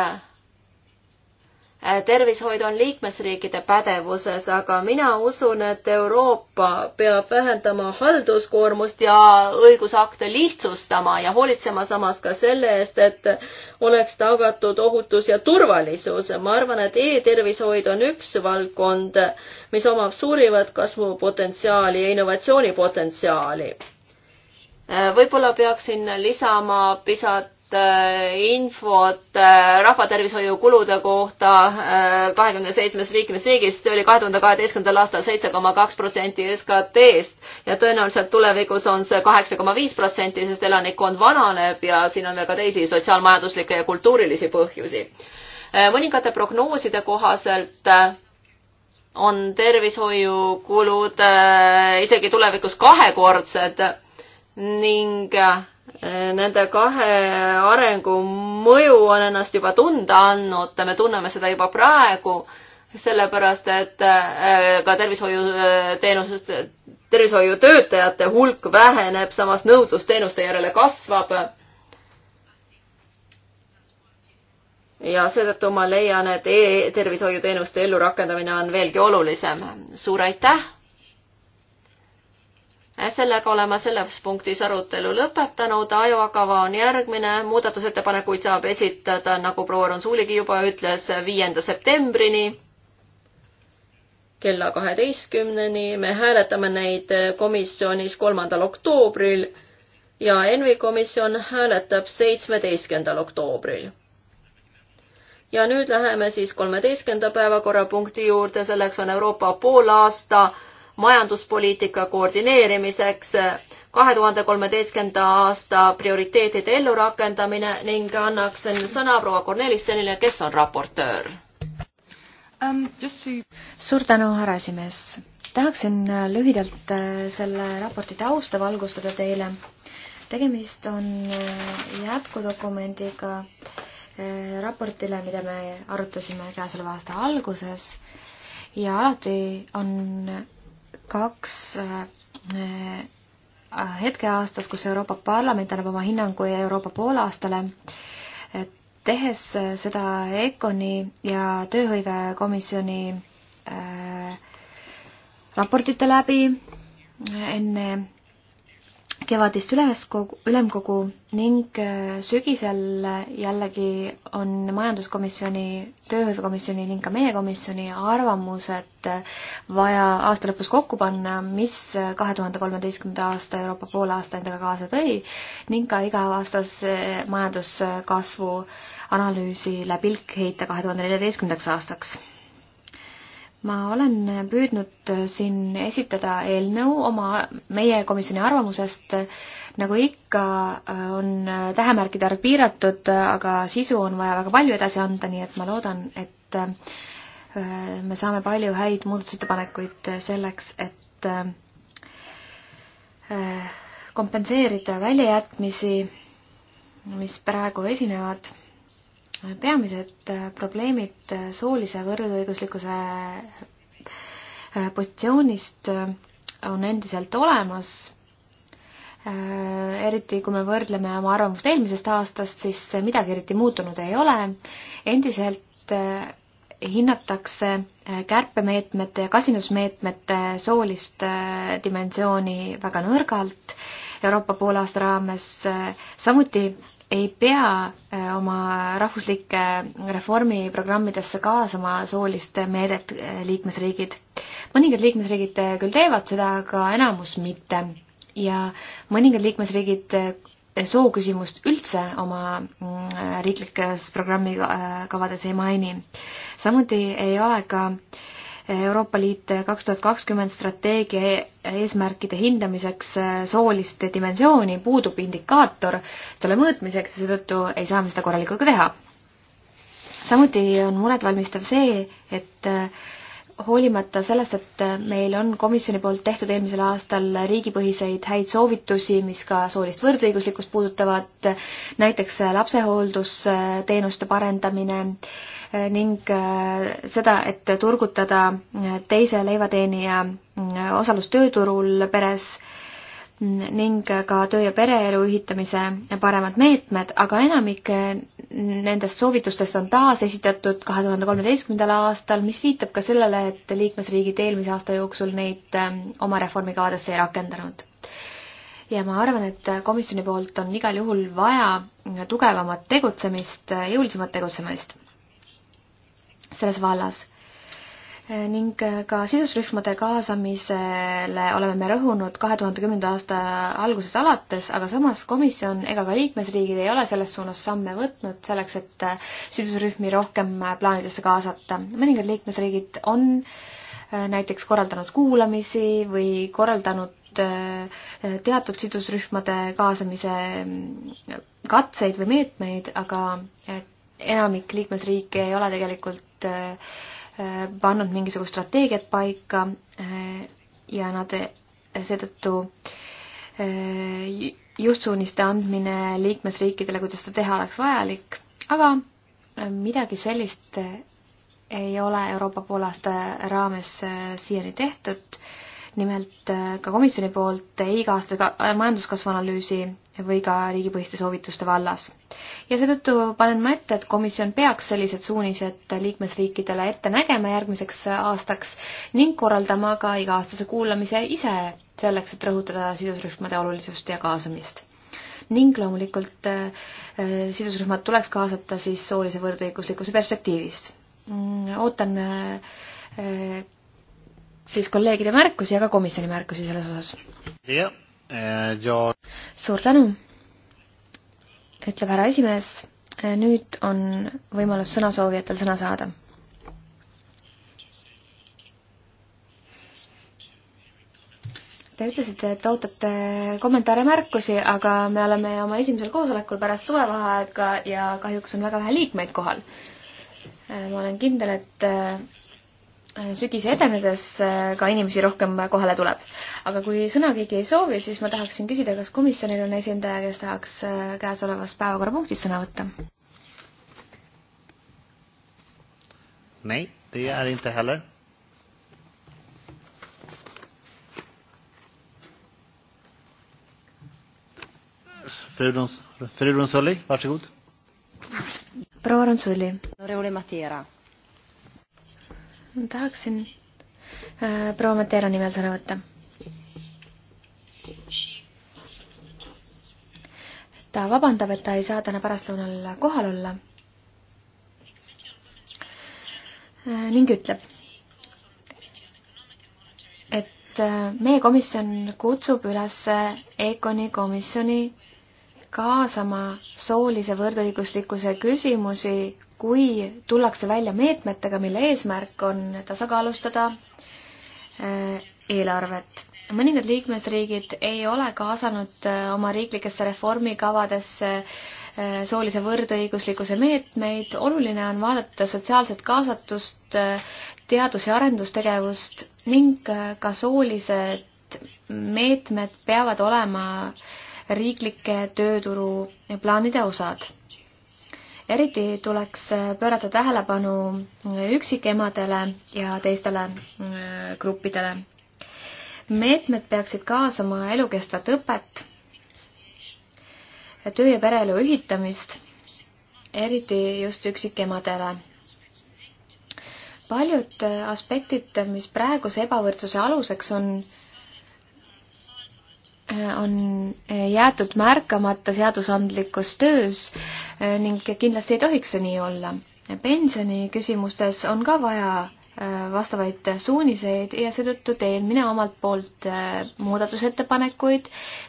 Äh, tervishoid on liikmesriikide pädevuses, aga mina usun, et Euroopa peab vähendama halduskoormust ja õigusakte lihtsustama ja hoolitsema samas ka selle eest, et oleks tagatud ohutus ja turvalisus. ma arvan, et e-tervishoid on üks valdkond, mis omab suurimat kasvupotentsiaali ja innovatsioonipotentsiaali äh, võib-olla peaksin lisama pisat Äh, infot äh, rahvatervishoiu kulude kohta äh, kahekümne seitsmes liikmesriigis, see oli kahe tuhande kaheteistkümnendal aastal seitse koma kaks protsenti SKT-st ja tõenäoliselt tulevikus on see kaheksa koma viis protsenti, sest elanikkond vananeb ja siin on veel ka teisi sotsiaalmajanduslikke ja kultuurilisi põhjusi. mõningate prognooside kohaselt on tervishoiukulud isegi tulevikus kahekordsed ning nende kahe arengu mõju on ennast juba tunda andnud, me tunneme seda juba praegu, sellepärast et äh, ka tervishoiuteenusest, äh, tervishoiutöötajate hulk väheneb, samas nõudlus teenuste järele kasvab. ja seetõttu ma leian, et e-tervishoiuteenuste ellurakendamine on veelgi olulisem. suur aitäh! Äh, sellega oleme selles punktis arutelu lõpetanud, ajakava on järgmine, muudatusettepanekuid saab esitada, nagu proua Ronsuuligi juba ütles, viienda septembrini kella kaheteistkümneni, me hääletame neid komisjonis kolmandal oktoobril ja ENVI komisjon hääletab seitsmeteistkümnendal oktoobril ja nüüd läheme siis kolmeteistkümnenda päevakorrapunkti juurde, selleks on Euroopa poolaasta majanduspoliitika koordineerimiseks, kahe tuhande kolmeteistkümnenda aasta prioriteetide ellurakendamine ning annaksin sõna proua Kornelissenile, kes on raportöör um,. To... suur tänu, härra esimees. tahaksin äh, lühidalt äh, selle raporti tausta valgustada teile. tegemist on äh, jätkudokumendiga raportile, mida me arutasime käesoleva aasta alguses ja alati on kaks äh, hetke aastas, kus Euroopa Parlament annab oma hinnangu Euroopa poolaastale. tehes seda EKONi ja tööhõivekomisjoni äh, raportite läbi enne kevadist üleskogu, ülemkogu ning äh, sügisel jällegi on majanduskomisjoni, tööhõivekomisjoni ning ka meie komisjoni arvamused äh, vaja aasta lõpus kokku panna, mis äh, kahe tuhande kolmeteistkümnenda aasta Euroopa poolaasta endaga kaasa tõi ning ka iga-aastase majanduskasvu analüüsile pilk heita kahe tuhande neljateistkümnendaks aastaks ma olen püüdnud siin esitada eelnõu oma, meie komisjoni arvamusest. nagu ikka, on tähemärkide arv piiratud, aga sisu on vaja väga palju edasi anda, nii et ma loodan, et äh, me saame palju häid muudatusettepanekuid selleks, et äh, kompenseerida väljajätmisi, mis praegu esinevad peamised äh, probleemid äh, soolise võrdõiguslikkuse äh, positsioonist on endiselt olemas. eriti kui me võrdleme oma arvamust eelmisest aastast, siis midagi eriti muutunud ei ole. endiselt hinnatakse kärpemeetmete ja kasinusmeetmete soolist dimensiooni väga nõrgalt Euroopa poolaasta raames. samuti ei pea äh, oma rahvuslike reformiprogrammidesse kaasama soolist meedet äh, liikmesriigid. mõningad liikmesriigid äh, küll teevad seda, aga enamus mitte. ja mõningad liikmesriigid sooküsimust üldse oma mm, riiklikes programmikavades ei maini. samuti ei ole ka äh, Euroopa Liit kaks tuhat kakskümmend strateegia eesmärkide hindamiseks äh, soolist dimensiooni, puudub indikaator selle mõõtmiseks ja seetõttu ei saa me seda korralikult ka teha. samuti on muretvalmistav see, et äh, hoolimata sellest, et meil on komisjoni poolt tehtud eelmisel aastal riigipõhiseid häid soovitusi, mis ka soolist võrdõiguslikkust puudutavad, näiteks lapsehooldusteenuste parendamine äh,, ning äh, seda, et turgutada äh, teise leivateenija äh, osalust tööturul peres mm, ning ka töö- ja pereelu ühitamise paremad meetmed, aga enamik nendest soovitustest on taas esitatud kahe tuhande kolmeteistkümnendal aastal, mis viitab ka sellele, et liikmesriigid eelmise aasta jooksul neid oma reformikavadesse ei rakendanud ja ma arvan, et komisjoni poolt on igal juhul vaja tugevamat tegutsemist, jõulisemat tegutsemist selles vallas eh, ning eh, ka sidusrühmade kaasamisele oleme me rõhunud kahe tuhande kümnenda aasta alguses alates, aga samas komisjon ega ka liikmesriigid ei ole selles suunas samme võtnud selleks, et eh, sidusrühmi rohkem plaanidesse kaasata. mõningad liikmesriigid on näiteks korraldanud kuulamisi või korraldanud teatud sidusrühmade kaasamise mm, katseid või meetmeid, aga enamik liikmesriike ei ole tegelikult nüüd äh, pannud mingisugust strateegiat paika äh, ja nad äh, seetõttu juhtsuuniste andmine liikmesriikidele, kuidas seda teha, oleks vajalik, aga midagi sellist ei ole Euroopa poolaasta raames siiani tehtud. nimelt ka komisjoni poolt iga-aastase majanduskasvu analüüsi või ka riigipõhiste soovituste vallas. ja seetõttu panen ma ette, et komisjon peaks sellised suunised liikmesriikidele ette nägema järgmiseks aastaks ning korraldama ka iga-aastase kuulamise ise selleks, et rõhutada sidusrühmade olulisust ja kaasamist. ning loomulikult äh, sidusrühmad tuleks kaasata siis soolise võrdõiguslikkuse perspektiivist. Mm, ootan äh, äh, siis kolleegide märkusi ja ka komisjoni märkusi selles osas. jah ja eh, suur tänu, ütleb härra esimees. Eh, nüüd on võimalus sõnasoovijatel sõna saada. Te ütlesite, et ootate kommentaare ja märkusi, aga me oleme oma esimesel koosolekul pärast suvevaheaega ja kahjuks on väga vähe liikmeid kohal. Eh, ma olen kindel, et sügise edenedes äh, ka inimesi rohkem kohale tuleb. aga kui sõna keegi ei soovi, siis ma tahaksin küsida, kas komisjonil on esindaja, kes tahaks äh, käesolevas päevakorrapunktis sõna võtta? Nej, det är er inte heller. Fru Ronsulli, varsågod. Proua Ronsulli. Rõuli Matiera tahaksin äh, proua Matera nimel sõna võtta. ta vabandab, et ta ei saa täna pärastlõunal kohal olla äh,. ning ütleb, et äh, meie komisjon kutsub üles EKONi komisjoni kaasama soolise võrdõiguslikkuse küsimusi kui tullakse välja meetmetega, mille eesmärk on tasakaalustada äh, eelarvet. mõningad liikmesriigid ei ole kaasanud äh, oma riiklikesse reformikavadesse äh, soolise võrdõiguslikkuse meetmeid, oluline on vaadata sotsiaalset kaasatust, teadus- ja arendustegevust ning ka soolised meetmed peavad olema riiklike tööturuplaanide osad eriti tuleks pöörata tähelepanu üksikemadele ja teistele äh, gruppidele. meetmed peaksid kaasama elukestvat õpet, töö ja pereelu ühitamist, eriti just üksikemadele paljud aspektid, mis praeguse ebavõrdsuse aluseks on, Äh, on äh, jäetud märkamata seadusandlikus töös äh, ning kindlasti ei tohiks see nii olla. pensioniküsimustes on ka vaja vastavaid suuniseid ja seetõttu teen mina omalt poolt muudatusettepanekuid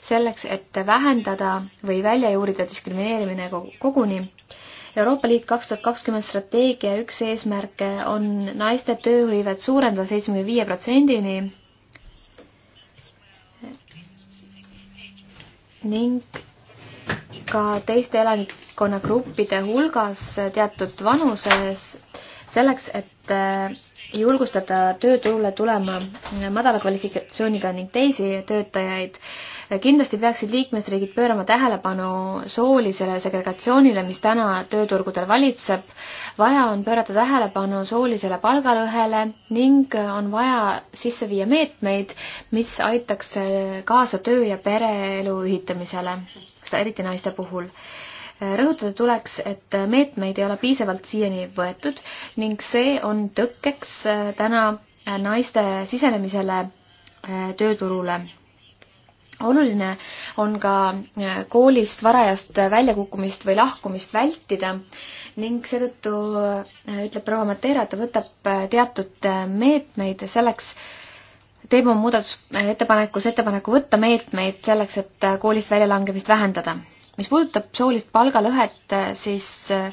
selleks, et vähendada või välja juurida diskrimineerimine koguni. Euroopa Liit kaks tuhat kakskümmend strateegia üks eesmärke on naiste tööhõivet suurendada seitsmekümne viie protsendini ning ka teiste elanikkonnagruppide hulgas teatud vanuses selleks, et äh, julgustada tööturule tulema madala kvalifikatsiooniga ning teisi töötajaid äh, kindlasti peaksid liikmesriigid pöörama tähelepanu soolisele segregatsioonile, mis täna tööturgudel valitseb. vaja on pöörata tähelepanu soolisele palgalõhele ning on vaja sisse viia meetmeid, mis aitaks kaasa töö ja pereelu ühitamisele, seda eriti naiste puhul rõhutada tuleks, et meetmeid ei ole piisavalt siiani võetud ning see on tõkkeks täna naiste sisenemisele tööturule oluline on ka äh, koolist varajast väljakukkumist või lahkumist vältida ning seetõttu äh, ütleb proua Matera, et ta võtab äh, teatud meetmeid selleks, teeb oma muudatusettepanekus ettepaneku võtta meetmeid selleks, et koolist väljalangemist vähendada. mis puudutab soolist palgalõhet, siis äh,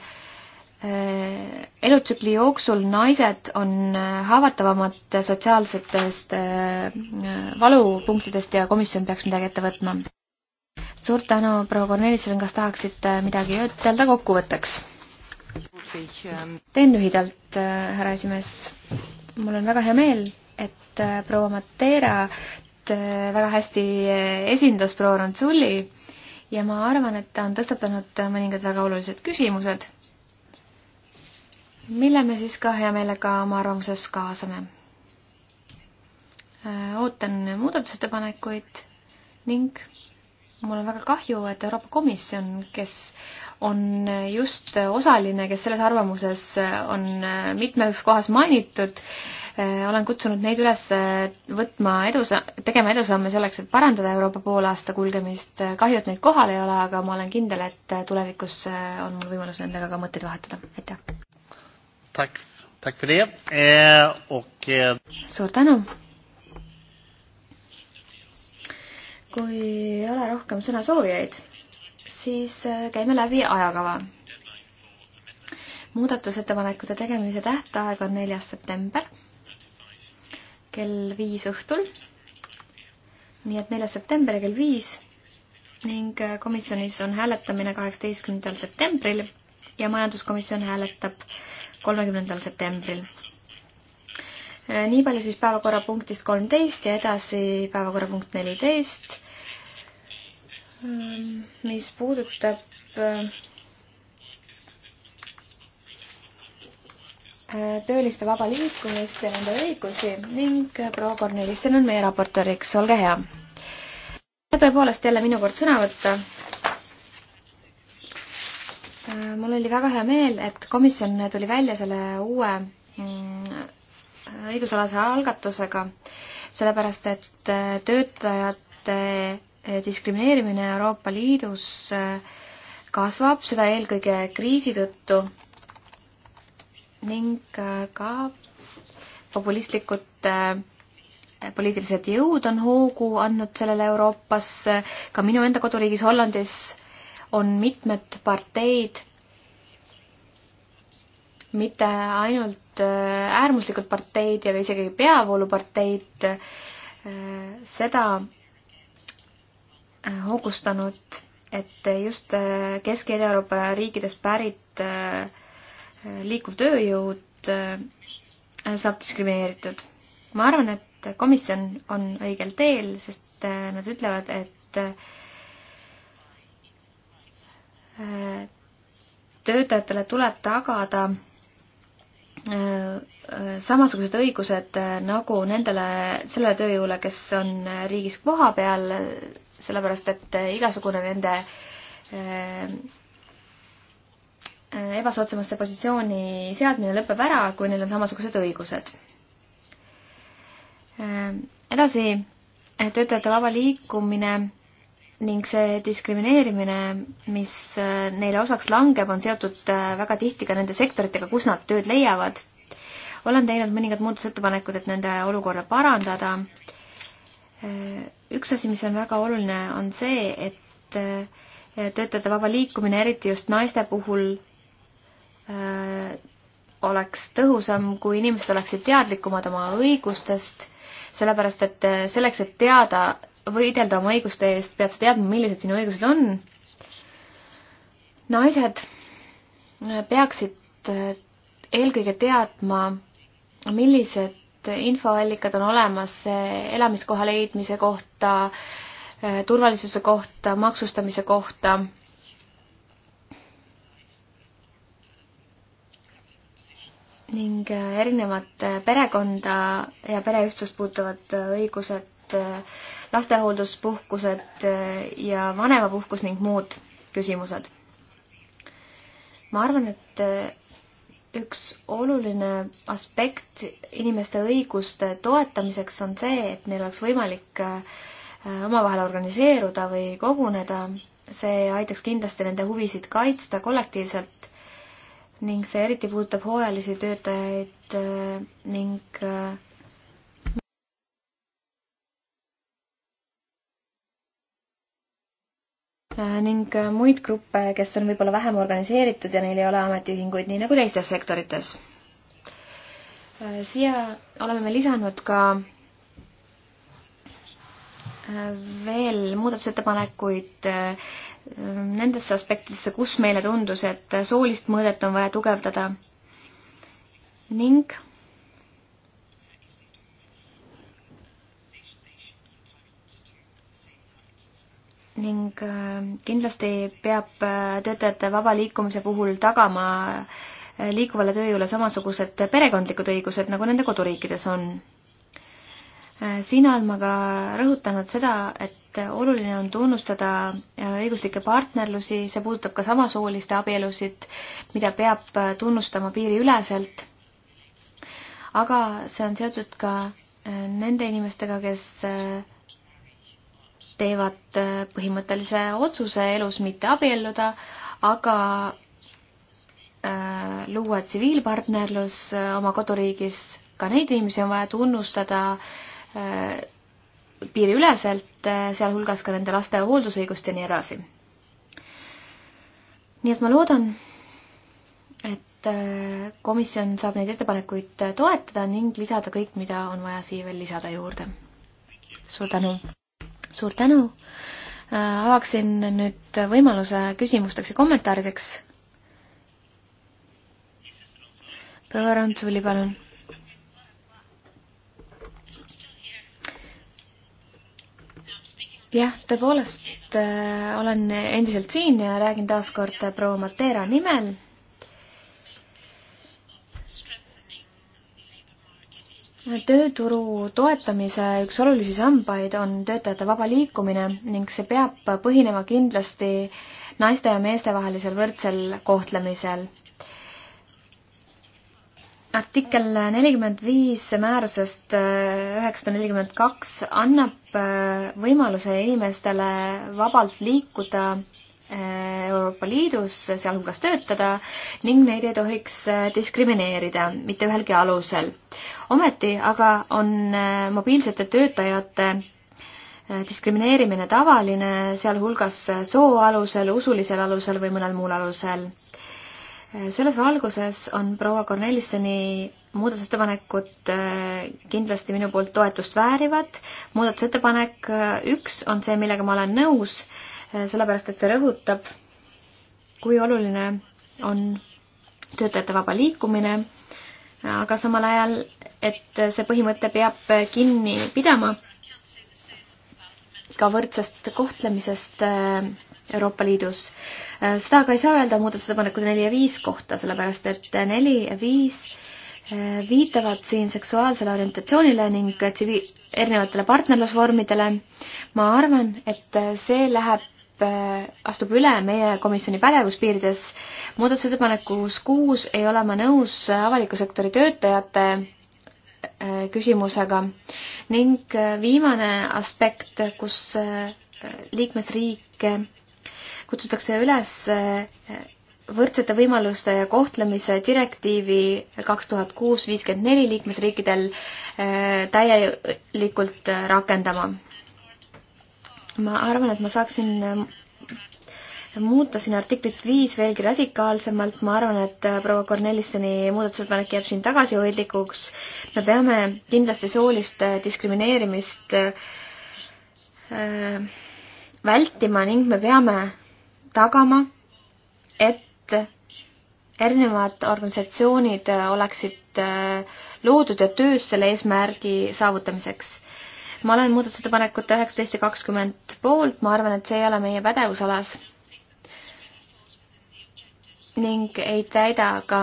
Äh, elutsükli jooksul naised on äh, haavatavamad sotsiaalsetest äh, valupunktidest ja komisjon peaks midagi ette võtma. suur tänu, proua Kornelisele, kas tahaksite midagi ütelda kokkuvõtteks? teen lühidalt, härra esimees. mul on väga hea meel, et proua Matera väga hästi esindas proua Ronsulli ja ma arvan, et ta on tõstatanud mõningad väga olulised küsimused mille me siis ka hea meelega oma arvamuses kaasame. Äh, ootan muudatusettepanekuid ning mul on väga kahju, et Euroopa Komisjon, kes on just osaline, kes selles arvamuses on mitmes kohas mainitud, äh, olen kutsunud neid üles võtma edusa-, tegema edusamme selleks, et parandada Euroopa poolaasta kulgemist. kahju, et neid kohal ei ole, aga ma olen kindel, et tulevikus äh, on mul võimalus nendega ka mõtteid vahetada. aitäh! tack, tack för det. Eh, och, eh... suur tänu. kui ei ole rohkem sõnasoovijaid, siis eh, käime läbi ajakava. muudatusettepanekute tegemise tähtaeg on neljas september kell viis õhtul. nii et neljas september kell viis ning eh, komisjonis on hääletamine kaheksateistkümnendal septembril ja majanduskomisjon hääletab kolmekümnendal septembril. Äh, nii palju siis päevakorrapunktist kolmteist ja edasi päevakorrapunkt neliteist, ähm, mis puudutab äh, äh, tööliste vaba liikumist ja nende õigusi ning proua Kornelisson on meie raportööriks, olge hea. tõepoolest jälle minu kord sõna võtta Äh, mul oli väga hea meel, et komisjon tuli välja selle uue mm, õigusalase algatusega, sellepärast et äh, töötajate äh, diskrimineerimine Euroopa Liidus kasvab, seda eelkõige kriisi tõttu ning ka populistlikud poliitilised jõud on hoogu andnud sellele Euroopas, ka minu enda koduriigis Hollandis on mitmed parteid, mitte ainult äh, äärmuslikud parteid ja isegi peavooluparteid, äh, seda äh, hoogustanud, et just Kesk- ja Ida-Euroopa riikidest pärit liikuv tööjõud saab diskrimineeritud. ma arvan, et komisjon on õigel teel, sest nad ütlevad, et töötajatele tuleb tagada äh, äh, samasugused õigused äh, nagu nendele, sellele tööjõule, kes on riigis kohapeal, sellepärast et igasugune nende ebasoodsamasse positsiooni seadmine lõpeb ära, kui neil on samasugused õigused. edasi, töötajate vaba liikumine ning see diskrimineerimine, mis äh, neile osaks langeb, on seotud äh, väga tihti ka nende sektoritega, kus nad tööd leiavad. olen teinud mõningad muudatusettepanekud, et nende olukorda parandada. Äh, üks asi, mis on väga oluline, on see, et töötajate vaba liikumine, eriti just naiste puhul, oleks tõhusam, kui inimesed oleksid teadlikumad oma õigustest, sellepärast et selleks, et teada võidelda oma õiguste eest, pead sa teadma, millised sinu õigused on. naised äh, peaksid äh, eelkõige teadma, millised infoallikad on olemas äh, elamiskoha leidmise kohta, turvalisuse kohta, maksustamise kohta. ning erinevad perekonda ja pereühtsust puutuvad õigused lastehoolduspuhkused eh, ja vanemapuhkus ning muud küsimused. ma arvan, et eh, üks oluline aspekt inimeste õiguste toetamiseks on see, et neil oleks võimalik eh, omavahel organiseeruda või koguneda. see aitaks kindlasti nende huvisid kaitsta kollektiivselt ning see eriti puudutab hooajalisi töötajaid ning Äh, ning äh, muid gruppe, kes on võib-olla vähem organiseeritud ja neil ei ole ametiühinguid, nii nagu teistes sektorites. Äh, siia oleme me lisanud ka veel muudatusettepanekuid nendesse aspektidesse, kus meile tundus, et soolist mõõdet on vaja tugevdada ning ning äh, kindlasti peab äh, töötajate vaba liikumise puhul tagama äh, liikuvale tööjõule samasugused perekondlikud õigused, nagu nende koduriikides on. siin olen ma ka rõhutanud seda, et oluline on tunnustada õiguslikke partnerlusi, see puudutab ka samasooliste abielusid, mida peab tunnustama piiriüleselt. aga see on seotud ka nende inimestega, kes teevad äh, põhimõttelise otsuse elus mitte abielluda, aga äh, luua tsiviilpartnerlus äh, oma koduriigis, ka neid inimesi on vaja tunnustada äh, piiriüleselt, äh, sealhulgas ka nende laste hooldusõigust ja nii edasi. nii et ma loodan, et äh, komisjon saab neid ettepanekuid toetada ning lisada kõik, mida on vaja siia veel lisada juurde. suur tänu! suur tänu. Äh, avaksin nüüd võimaluse küsimusteks ja kommentaarideks. proua Randsuli, palun. jah, tõepoolest äh, olen endiselt siin ja räägin taas kord proua Matera nimel tööturu toetamise üks olulisi sambaid on töötajate vaba liikumine ning see peab põhinema kindlasti naiste ja meeste vahelisel võrdsel kohtlemisel. artikkel nelikümmend viis määrusest äh, üheksasada nelikümmend kaks annab äh, võimaluse inimestele vabalt liikuda Euroopa Liidus, sealhulgas töötada ning neid ei tohiks äh, diskrimineerida mitte ühelgi alusel. ometi aga on äh, mobiilsete töötajate äh, diskrimineerimine tavaline, sealhulgas soo alusel, usulisel alusel või mõnel muul alusel. selles valguses on proua Kornelissoni muudatusettepanekud kindlasti minu poolt toetust väärivad. muudatusettepanek üks on see, millega ma olen nõus Eh, sellepärast et see rõhutab, kui oluline on töötajate vaba liikumine, aga samal ajal, et see põhimõte peab kinni pidama ka võrdsest kohtlemisest eh, Euroopa Liidus. Eh, seda aga ei saa öelda muudatusettepanekud neli ja viis kohta, sellepärast et neli ja viis viitavad siin seksuaalsele orientatsioonile ning tsivi-, erinevatele partnerlusvormidele. ma arvan, et see läheb Äh, astub üle meie komisjoni pädevuspiirides. muudatusettepanekus kuus ei ole ma nõus avaliku sektori töötajate äh, küsimusega ning äh, viimane aspekt, kus liikmesriike kutsutakse üles võrdsete võimaluste ja kohtlemise direktiivi kaks tuhat kuus viiskümmend neli liikmesriikidel täielikult rakendama ma arvan, et ma saaksin äh, muuta siin artiklit viis veelgi radikaalsemalt, ma arvan, et äh, proua Kornelissoni muudatusettepanek jääb siin tagasihoidlikuks. me peame kindlasti soolist äh, diskrimineerimist vältima ning me peame tagama, et erinevad organisatsioonid oleksid loodud ja töös selle eesmärgi saavutamiseks ma olen muudatusettepanekute üheksateist ja kakskümmend poolt, ma arvan, et see ei ole meie pädevusalas ning ei täida ka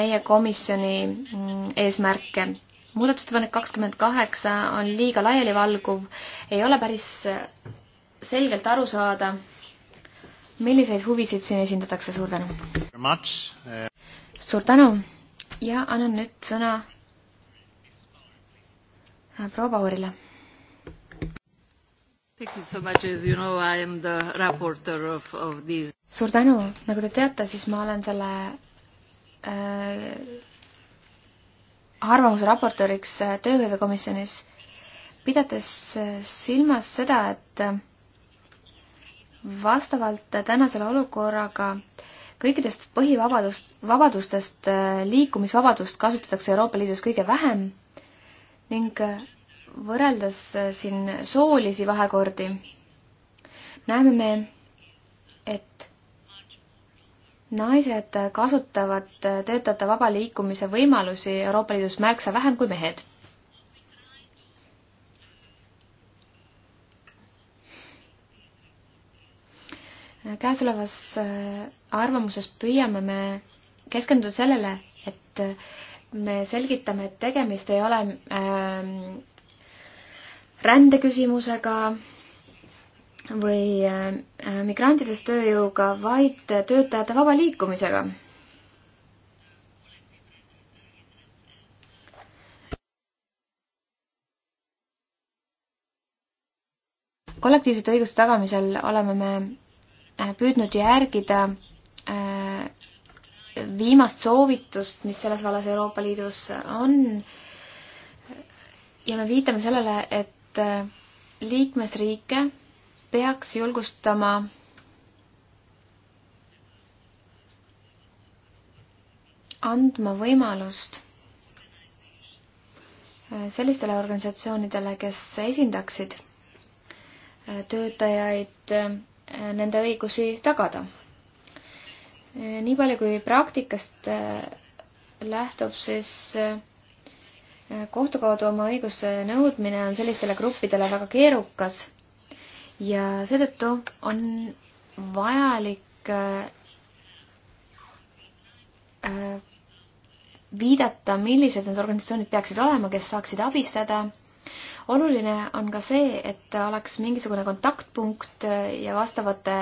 meie komisjoni mm, eesmärke. muudatusettepanek kakskümmend kaheksa on liiga laialivalguv, ei ole päris selgelt aru saada, milliseid huvisid siin esindatakse, suur tänu! suur tänu ja annan nüüd sõna äh, proua Paurile You know, of, of suur tänu, nagu te teate, siis ma olen selle äh, arvamuse raportööriks äh, tööhõivekomisjonis, pidades äh, silmas seda, et äh, vastavalt tänasele olukorraga kõikidest põhivabadust, vabadustest äh, liikumisvabadust kasutatakse Euroopa Liidus kõige vähem ning äh, võrreldes äh, siin soolisi vahekordi, näeme me, et naised kasutavad äh, töötajate vaba liikumise võimalusi Euroopa Liidus märksa vähem kui mehed. käesolevas äh, arvamuses püüame me keskenduda sellele, et me selgitame, et tegemist ei ole äh, rändeküsimusega või äh, migrantidest tööjõuga, vaid töötajate vaba liikumisega. kollektiivsete õiguste tagamisel oleme me äh, püüdnud järgida äh, viimast soovitust, mis selles vallas Euroopa Liidus on ja me viitame sellele, et et äh, liikmesriike peaks julgustama andma võimalust äh, sellistele organisatsioonidele, kes esindaksid äh, töötajaid, nende õigusi tagada. nii palju kui praktikast lähtub, siis kohtu kaudu oma õiguse nõudmine on sellistele gruppidele väga keerukas ja seetõttu on vajalik äh, äh, viidata, millised need organisatsioonid peaksid olema, kes saaksid abistada. oluline on ka see, et oleks mingisugune kontaktpunkt äh, ja vastavate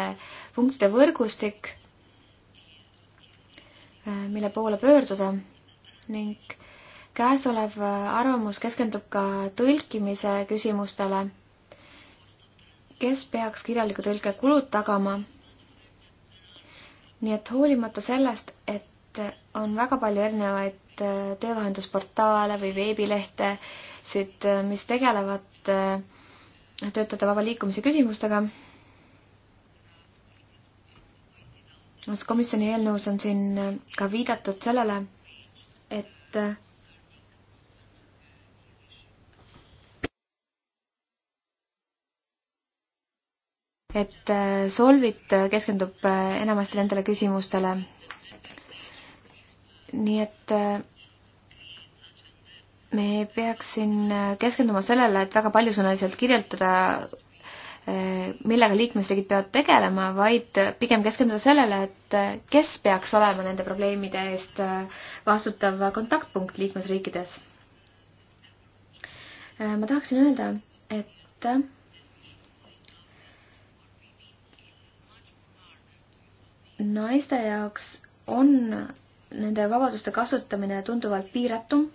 punktide võrgustik, mille poole pöörduda ning käesolev äh, arvamus keskendub ka tõlkimise küsimustele. kes peaks kirjaliku tõlke kulud tagama? nii et hoolimata sellest, et on väga palju erinevaid äh, töövahendusportaale või veebilehtesid, äh, mis tegelevad töötajate vaba liikumise küsimustega, komisjoni eelnõus on siin ka viidatud sellele, et et äh, Solvit äh, keskendub äh, enamasti nendele küsimustele. nii et me peaks siin keskenduma sellele, et väga paljusõnaliselt kirjeldada, millega liikmesriigid peavad tegelema, vaid pigem keskenduda sellele, et kes peaks olema nende probleemide eest vastutav kontaktpunkt liikmesriikides. ma tahaksin öelda, et naiste jaoks on nende vabaduste kasutamine tunduvalt piiratum,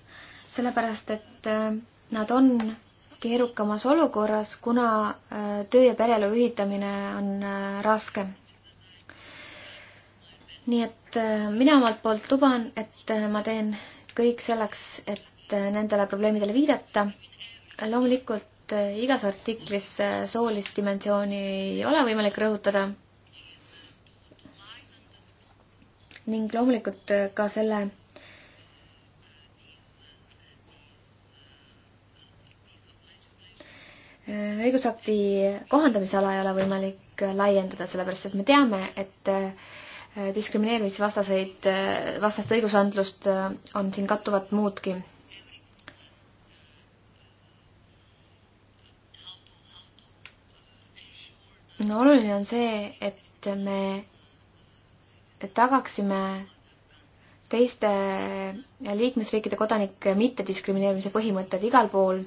sellepärast et äh, nad on keerukamas olukorras, kuna äh, töö ja pereelu ühitamine on äh, raske. nii et mina omalt poolt luban, et ma teen kõik selleks, et nendele probleemidele viidata. loomulikult igas artiklis soolist dimensiooni ei ole võimalik rõhutada ning loomulikult äh, ka selle äh, õigusakti kohandamise ala ei ole võimalik äh, laiendada, sellepärast et me teame, et diskrimineerimisvastaseid, vastast õigusandlust on siin kattuvat muudki. no oluline on see, et me tagaksime teiste liikmesriikide kodanike mittediskrimineerimise põhimõtted igal pool.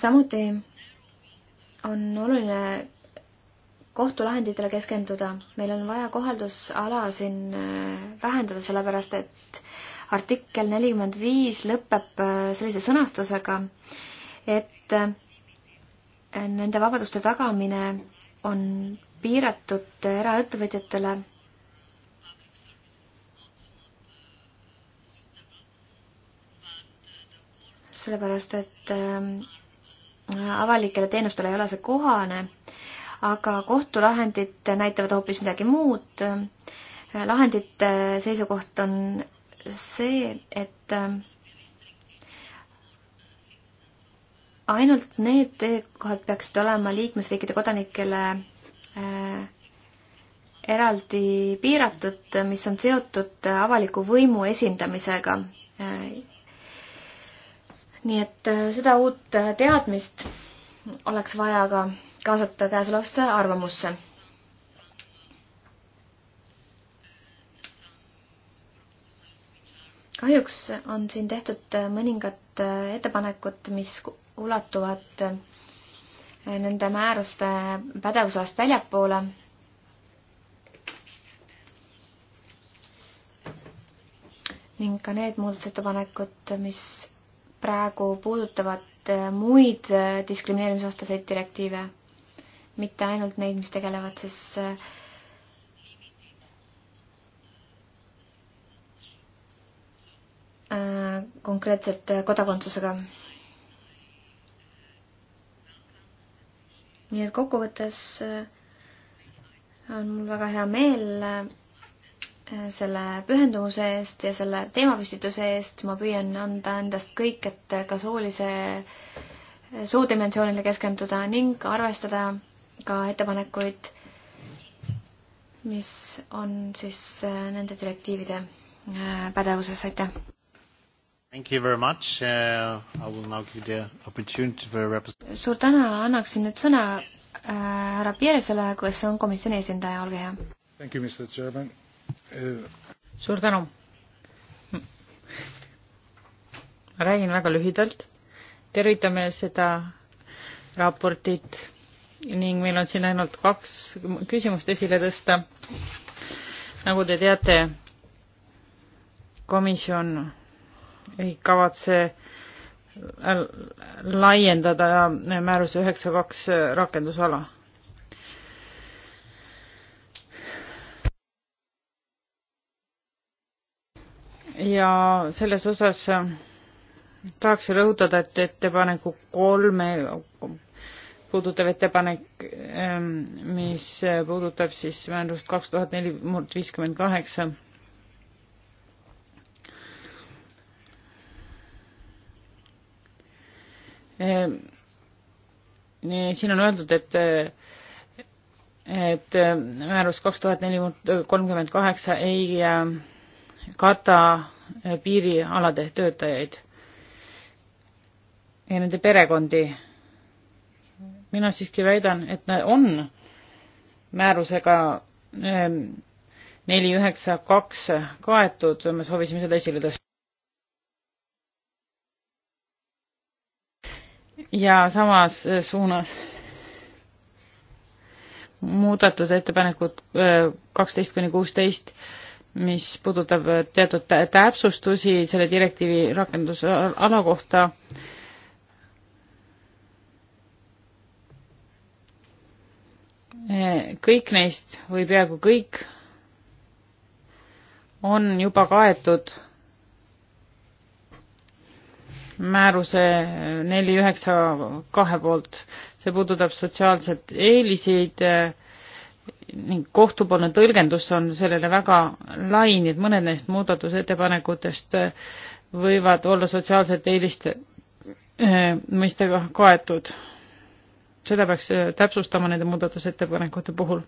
samuti on oluline kohtulahenditele keskenduda, meil on vaja kohaldusala siin äh, vähendada, sellepärast et artikkel nelikümmend viis lõpeb äh, sellise sõnastusega, et äh, nende vabaduste tagamine on piiratud eraettevõtjatele sellepärast, et äh, avalikele teenustele ei ole see kohane, aga kohtulahendid näitavad hoopis midagi muud. lahendite seisukoht on, see, et ähm, ainult need töökohad peaksid olema liikmesriikide kodanikele äh, eraldi piiratud, mis on seotud avaliku võimu esindamisega. Äh, nii et äh, seda uut teadmist oleks vaja ka kaasata käesolevasse arvamusse kahjuks on siin tehtud äh, mõningad äh, ettepanekud, mis ulatuvad äh, nende määruste pädevusalast väljapoole. ning ka need muudatusettepanekud, mis praegu puudutavad muid diskrimineerimisvastaseid direktiive, mitte ainult neid, mis tegelevad siis äh, Äh, konkreetselt äh, kodakondsusega. nii et kokkuvõttes äh, on mul väga hea meel selle pühendumuse eest ja selle teemapüstituse eest. ma püüan anda endast kõik, et ka soolise suudimensioonile keskenduda ning arvestada ka ettepanekuid, mis on siis nende direktiivide pädevuses, aitäh! Thank you very much uh,. I will now give the opportunity for a representative. suur tänu, annaksin nüüd sõna äh, härra äh, Piersele, kes on komisjoni esindaja, olge hea. Thank you, Mr Chairman uh.... suur tänu. ma räägin väga lühidalt. tervitame seda raportit ning meil on siin ainult kaks küsimust esile tõsta. nagu te teate, komisjon ei kavatse laiendada määruse üheksa kaks rakendusala. ja selles osas tahaks rõhutada, et ettepaneku kolme puudutab ettepanek, ähm, mis puudutab siis määrust kaks tuhat neli viiskümmend kaheksa Ehm, eh, siin on öeldud, et, et eh, määrus kaks tuhat neli kolmkümmend kaheksa ei eh, kata piirialade töötajaid ja nende perekondi. mina siiski väidan, et nad on määrusega neli üheksa kaks kaetud, me soovisime seda esile tõsta. ja samas äh, suunas muudatusettepanekud äh, kaksteist kuni kuusteist, mis puudutab äh, teatud täpsustusi selle direktiivi rakendusala kohta. kõik neist või peaaegu kõik on juba kaetud määruse neli üheksa kahe poolt. see puudutab sotsiaalseid eeliseid eh, ning kohtupoolne tõlgendus on sellele väga lai, nii et mõned neist muudatusettepanekutest eh, võivad olla sotsiaalsete eeliste eh, mõistega kaetud. seda peaks täpsustama nende muudatusettepanekute puhul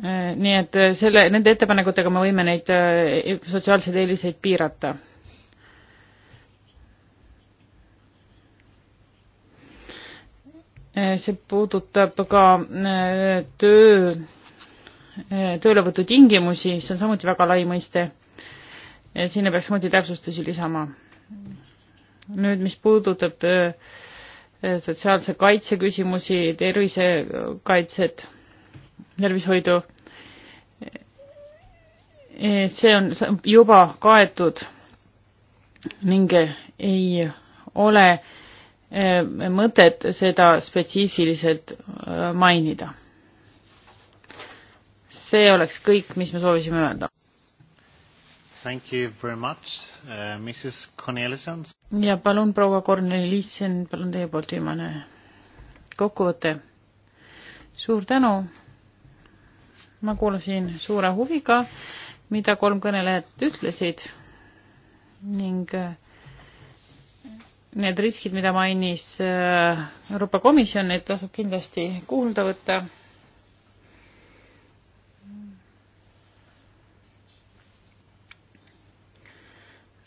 Äh, nii et äh, selle, nende ettepanekutega me võime neid äh, sotsiaalseid eeliseid piirata. see puudutab ka töö, töölevõtu tingimusi, see on samuti väga lai mõiste. sinna peaks samuti täpsustusi lisama. nüüd, mis puudutab sotsiaalse kaitse küsimusi, tervisekaitset tervishoidu. see on juba kaetud ning ei ole eh, mõtet seda spetsiifiliselt eh, mainida. see oleks kõik, mis me soovisime öelda. Thank you very much uh,, eh, Mrs Cornelissen. ja palun, proua Cornelissen, palun teie poolt viimane kokkuvõte. suur tänu ma kuulasin suure huviga, mida kolm kõnelejat ütlesid ning äh, need riskid, mida mainis äh, Euroopa Komisjon, neid tasub kindlasti kuulda võtta.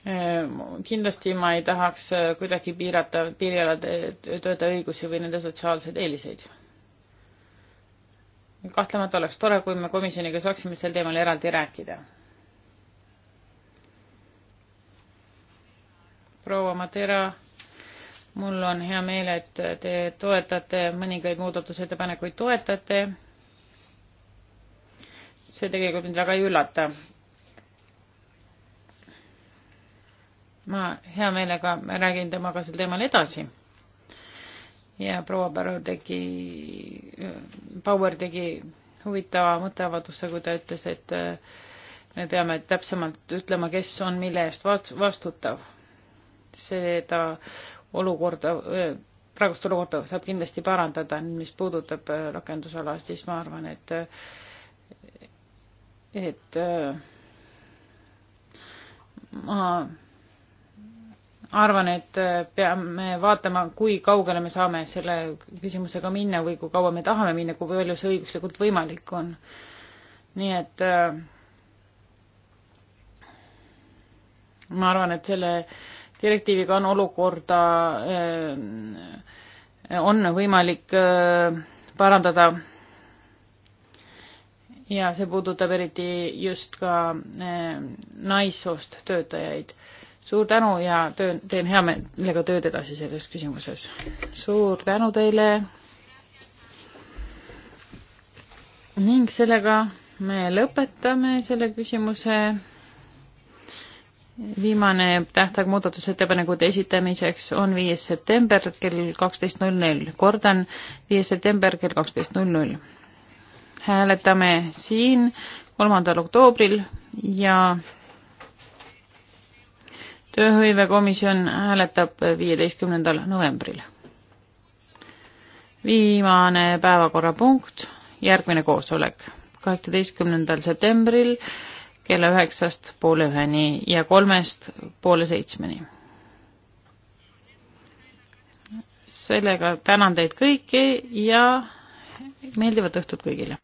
Äh, kindlasti ma ei tahaks kuidagi piirata piirialade töötaja õigusi või nende sotsiaalseid eeliseid kahtlemata oleks tore, kui me komisjoniga saaksime sel teemal eraldi rääkida. proua Matera, mul on hea meel, et te toetate, mõningaid muudatusettepanekuid toetate. see tegelikult mind väga ei üllata. ma hea meelega räägin temaga sel teemal edasi ja proua Barrow tegi, Bauer tegi huvitava mõtteavalduse, kui ta ütles, et äh, me peame täpsemalt ütlema, kes on mille eest vastutav. seda olukorda, äh, praegust olukorda saab kindlasti parandada, mis puudutab äh, rakendusala, siis ma arvan, et et ma arvan, et äh, peame vaatama, kui kaugele me saame selle küsimusega minna või kui kaua me tahame minna, kui palju see õiguslikult võimalik on. nii et äh, ma arvan, et selle direktiiviga on olukorda, äh, on võimalik parandada ja see puudutab eriti just ka naissoost töötajaid suur tänu ja töö, teen hea meelega tööd edasi selles küsimuses. suur tänu teile. ning sellega me lõpetame selle küsimuse. viimane tähtaeg muudatusettepanekute esitamiseks on viies september kell kaksteist null null. kordan, viies september kell kaksteist null null. hääletame siin kolmandal oktoobril ja tööhõivekomisjon hääletab viieteistkümnendal novembril. viimane päevakorrapunkt, järgmine koosolek, kaheksateistkümnendal septembril kella üheksast poole üheni ja kolmest poole seitsmeni. sellega tänan teid kõiki ja meeldivat õhtut kõigile!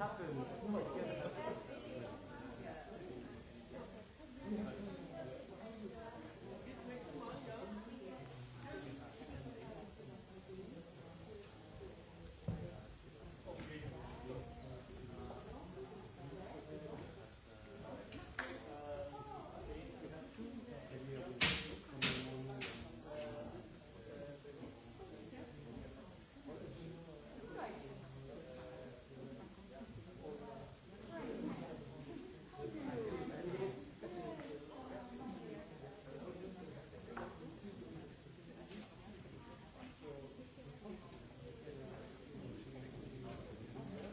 happen.